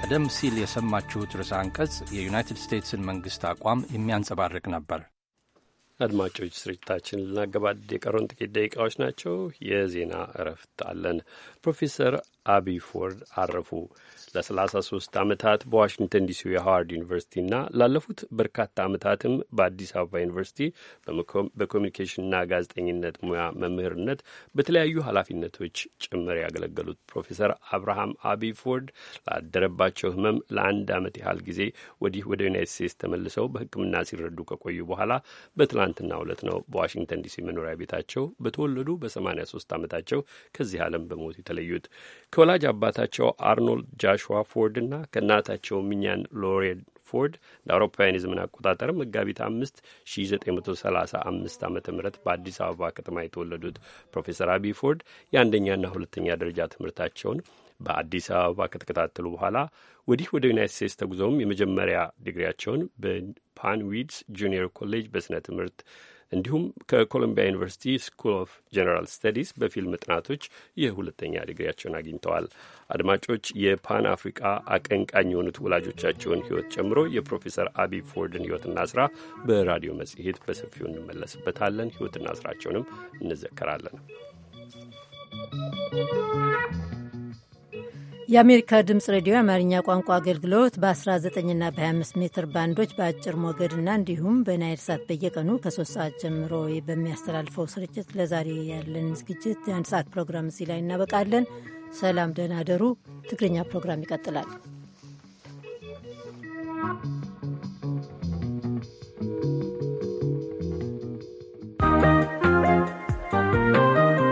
C: ቀደም ሲል የሰማችሁት ርዕሰ አንቀጽ የዩናይትድ ስቴትስን መንግሥት አቋም የሚያንጸባርቅ ነበር። አድማጮች ስርጭታችን ልናገባድ የቀሩን ጥቂት ደቂቃዎች ናቸው። የዜና እረፍት አለን። ፕሮፌሰር አቢፎርድ አረፉ። ለ33 ዓመታት በዋሽንግተን ዲሲ የሃዋርድ ዩኒቨርሲቲና ላለፉት በርካታ ዓመታትም በአዲስ አበባ ዩኒቨርሲቲ በኮሚኒኬሽንና ጋዜጠኝነት ሙያ መምህርነት በተለያዩ ኃላፊነቶች ጭምር ያገለገሉት ፕሮፌሰር አብርሃም ፎርድ ላደረባቸው ህመም ለአንድ ዓመት ያህል ጊዜ ወዲህ ወደ ዩናይት ስቴትስ ተመልሰው በሕክምና ሲረዱ ከቆዩ በኋላ በትላንትናው ዕለት ነው በዋሽንግተን ዲሲ መኖሪያ ቤታቸው በተወለዱ በ83 ዓመታቸው ከዚህ ዓለም በሞት የተለዩት። ከወላጅ አባታቸው አርኖልድ ጃሽዋ ፎርድ እና ከእናታቸው ሚኛን ሎሬን ፎርድ ለአውሮፓውያን የዘመን አቆጣጠር መጋቢት አምስት ሺ ዘጠኝ መቶ ሰላሳ አምስት ዓመተ ምህረት በአዲስ አበባ ከተማ የተወለዱት ፕሮፌሰር አቢ ፎርድ የአንደኛና ሁለተኛ ደረጃ ትምህርታቸውን በአዲስ አበባ ከተከታተሉ በኋላ ወዲህ ወደ ዩናይት ስቴትስ ተጉዘውም የመጀመሪያ ዲግሪያቸውን በፓንዊድስ ጁኒየር ኮሌጅ በስነ ትምህርት እንዲሁም ከኮሎምቢያ ዩኒቨርሲቲ ስኩል ኦፍ ጀነራል ስተዲስ በፊልም ጥናቶች የሁለተኛ ዲግሪያቸውን አግኝተዋል። አድማጮች የፓን አፍሪቃ አቀንቃኝ የሆኑት ወላጆቻቸውን ሕይወት ጨምሮ የፕሮፌሰር አቢ ፎርድን ሕይወትና ስራ በራዲዮ መጽሔት በሰፊው እንመለስበታለን። ሕይወትና ስራቸውንም እንዘከራለን።
A: የአሜሪካ ድምፅ ሬዲዮ የአማርኛ ቋንቋ አገልግሎት በ19ና በ25 ሜትር ባንዶች በአጭር ሞገድና እንዲሁም በናይል ሳት በየቀኑ ከሶስት ሰዓት ጀምሮ በሚያስተላልፈው ስርጭት ለዛሬ ያለን ዝግጅት የአንድ ሰዓት ፕሮግራም እዚህ ላይ እናበቃለን። ሰላም ደህና ደሩ። ትግርኛ ፕሮግራም ይቀጥላል።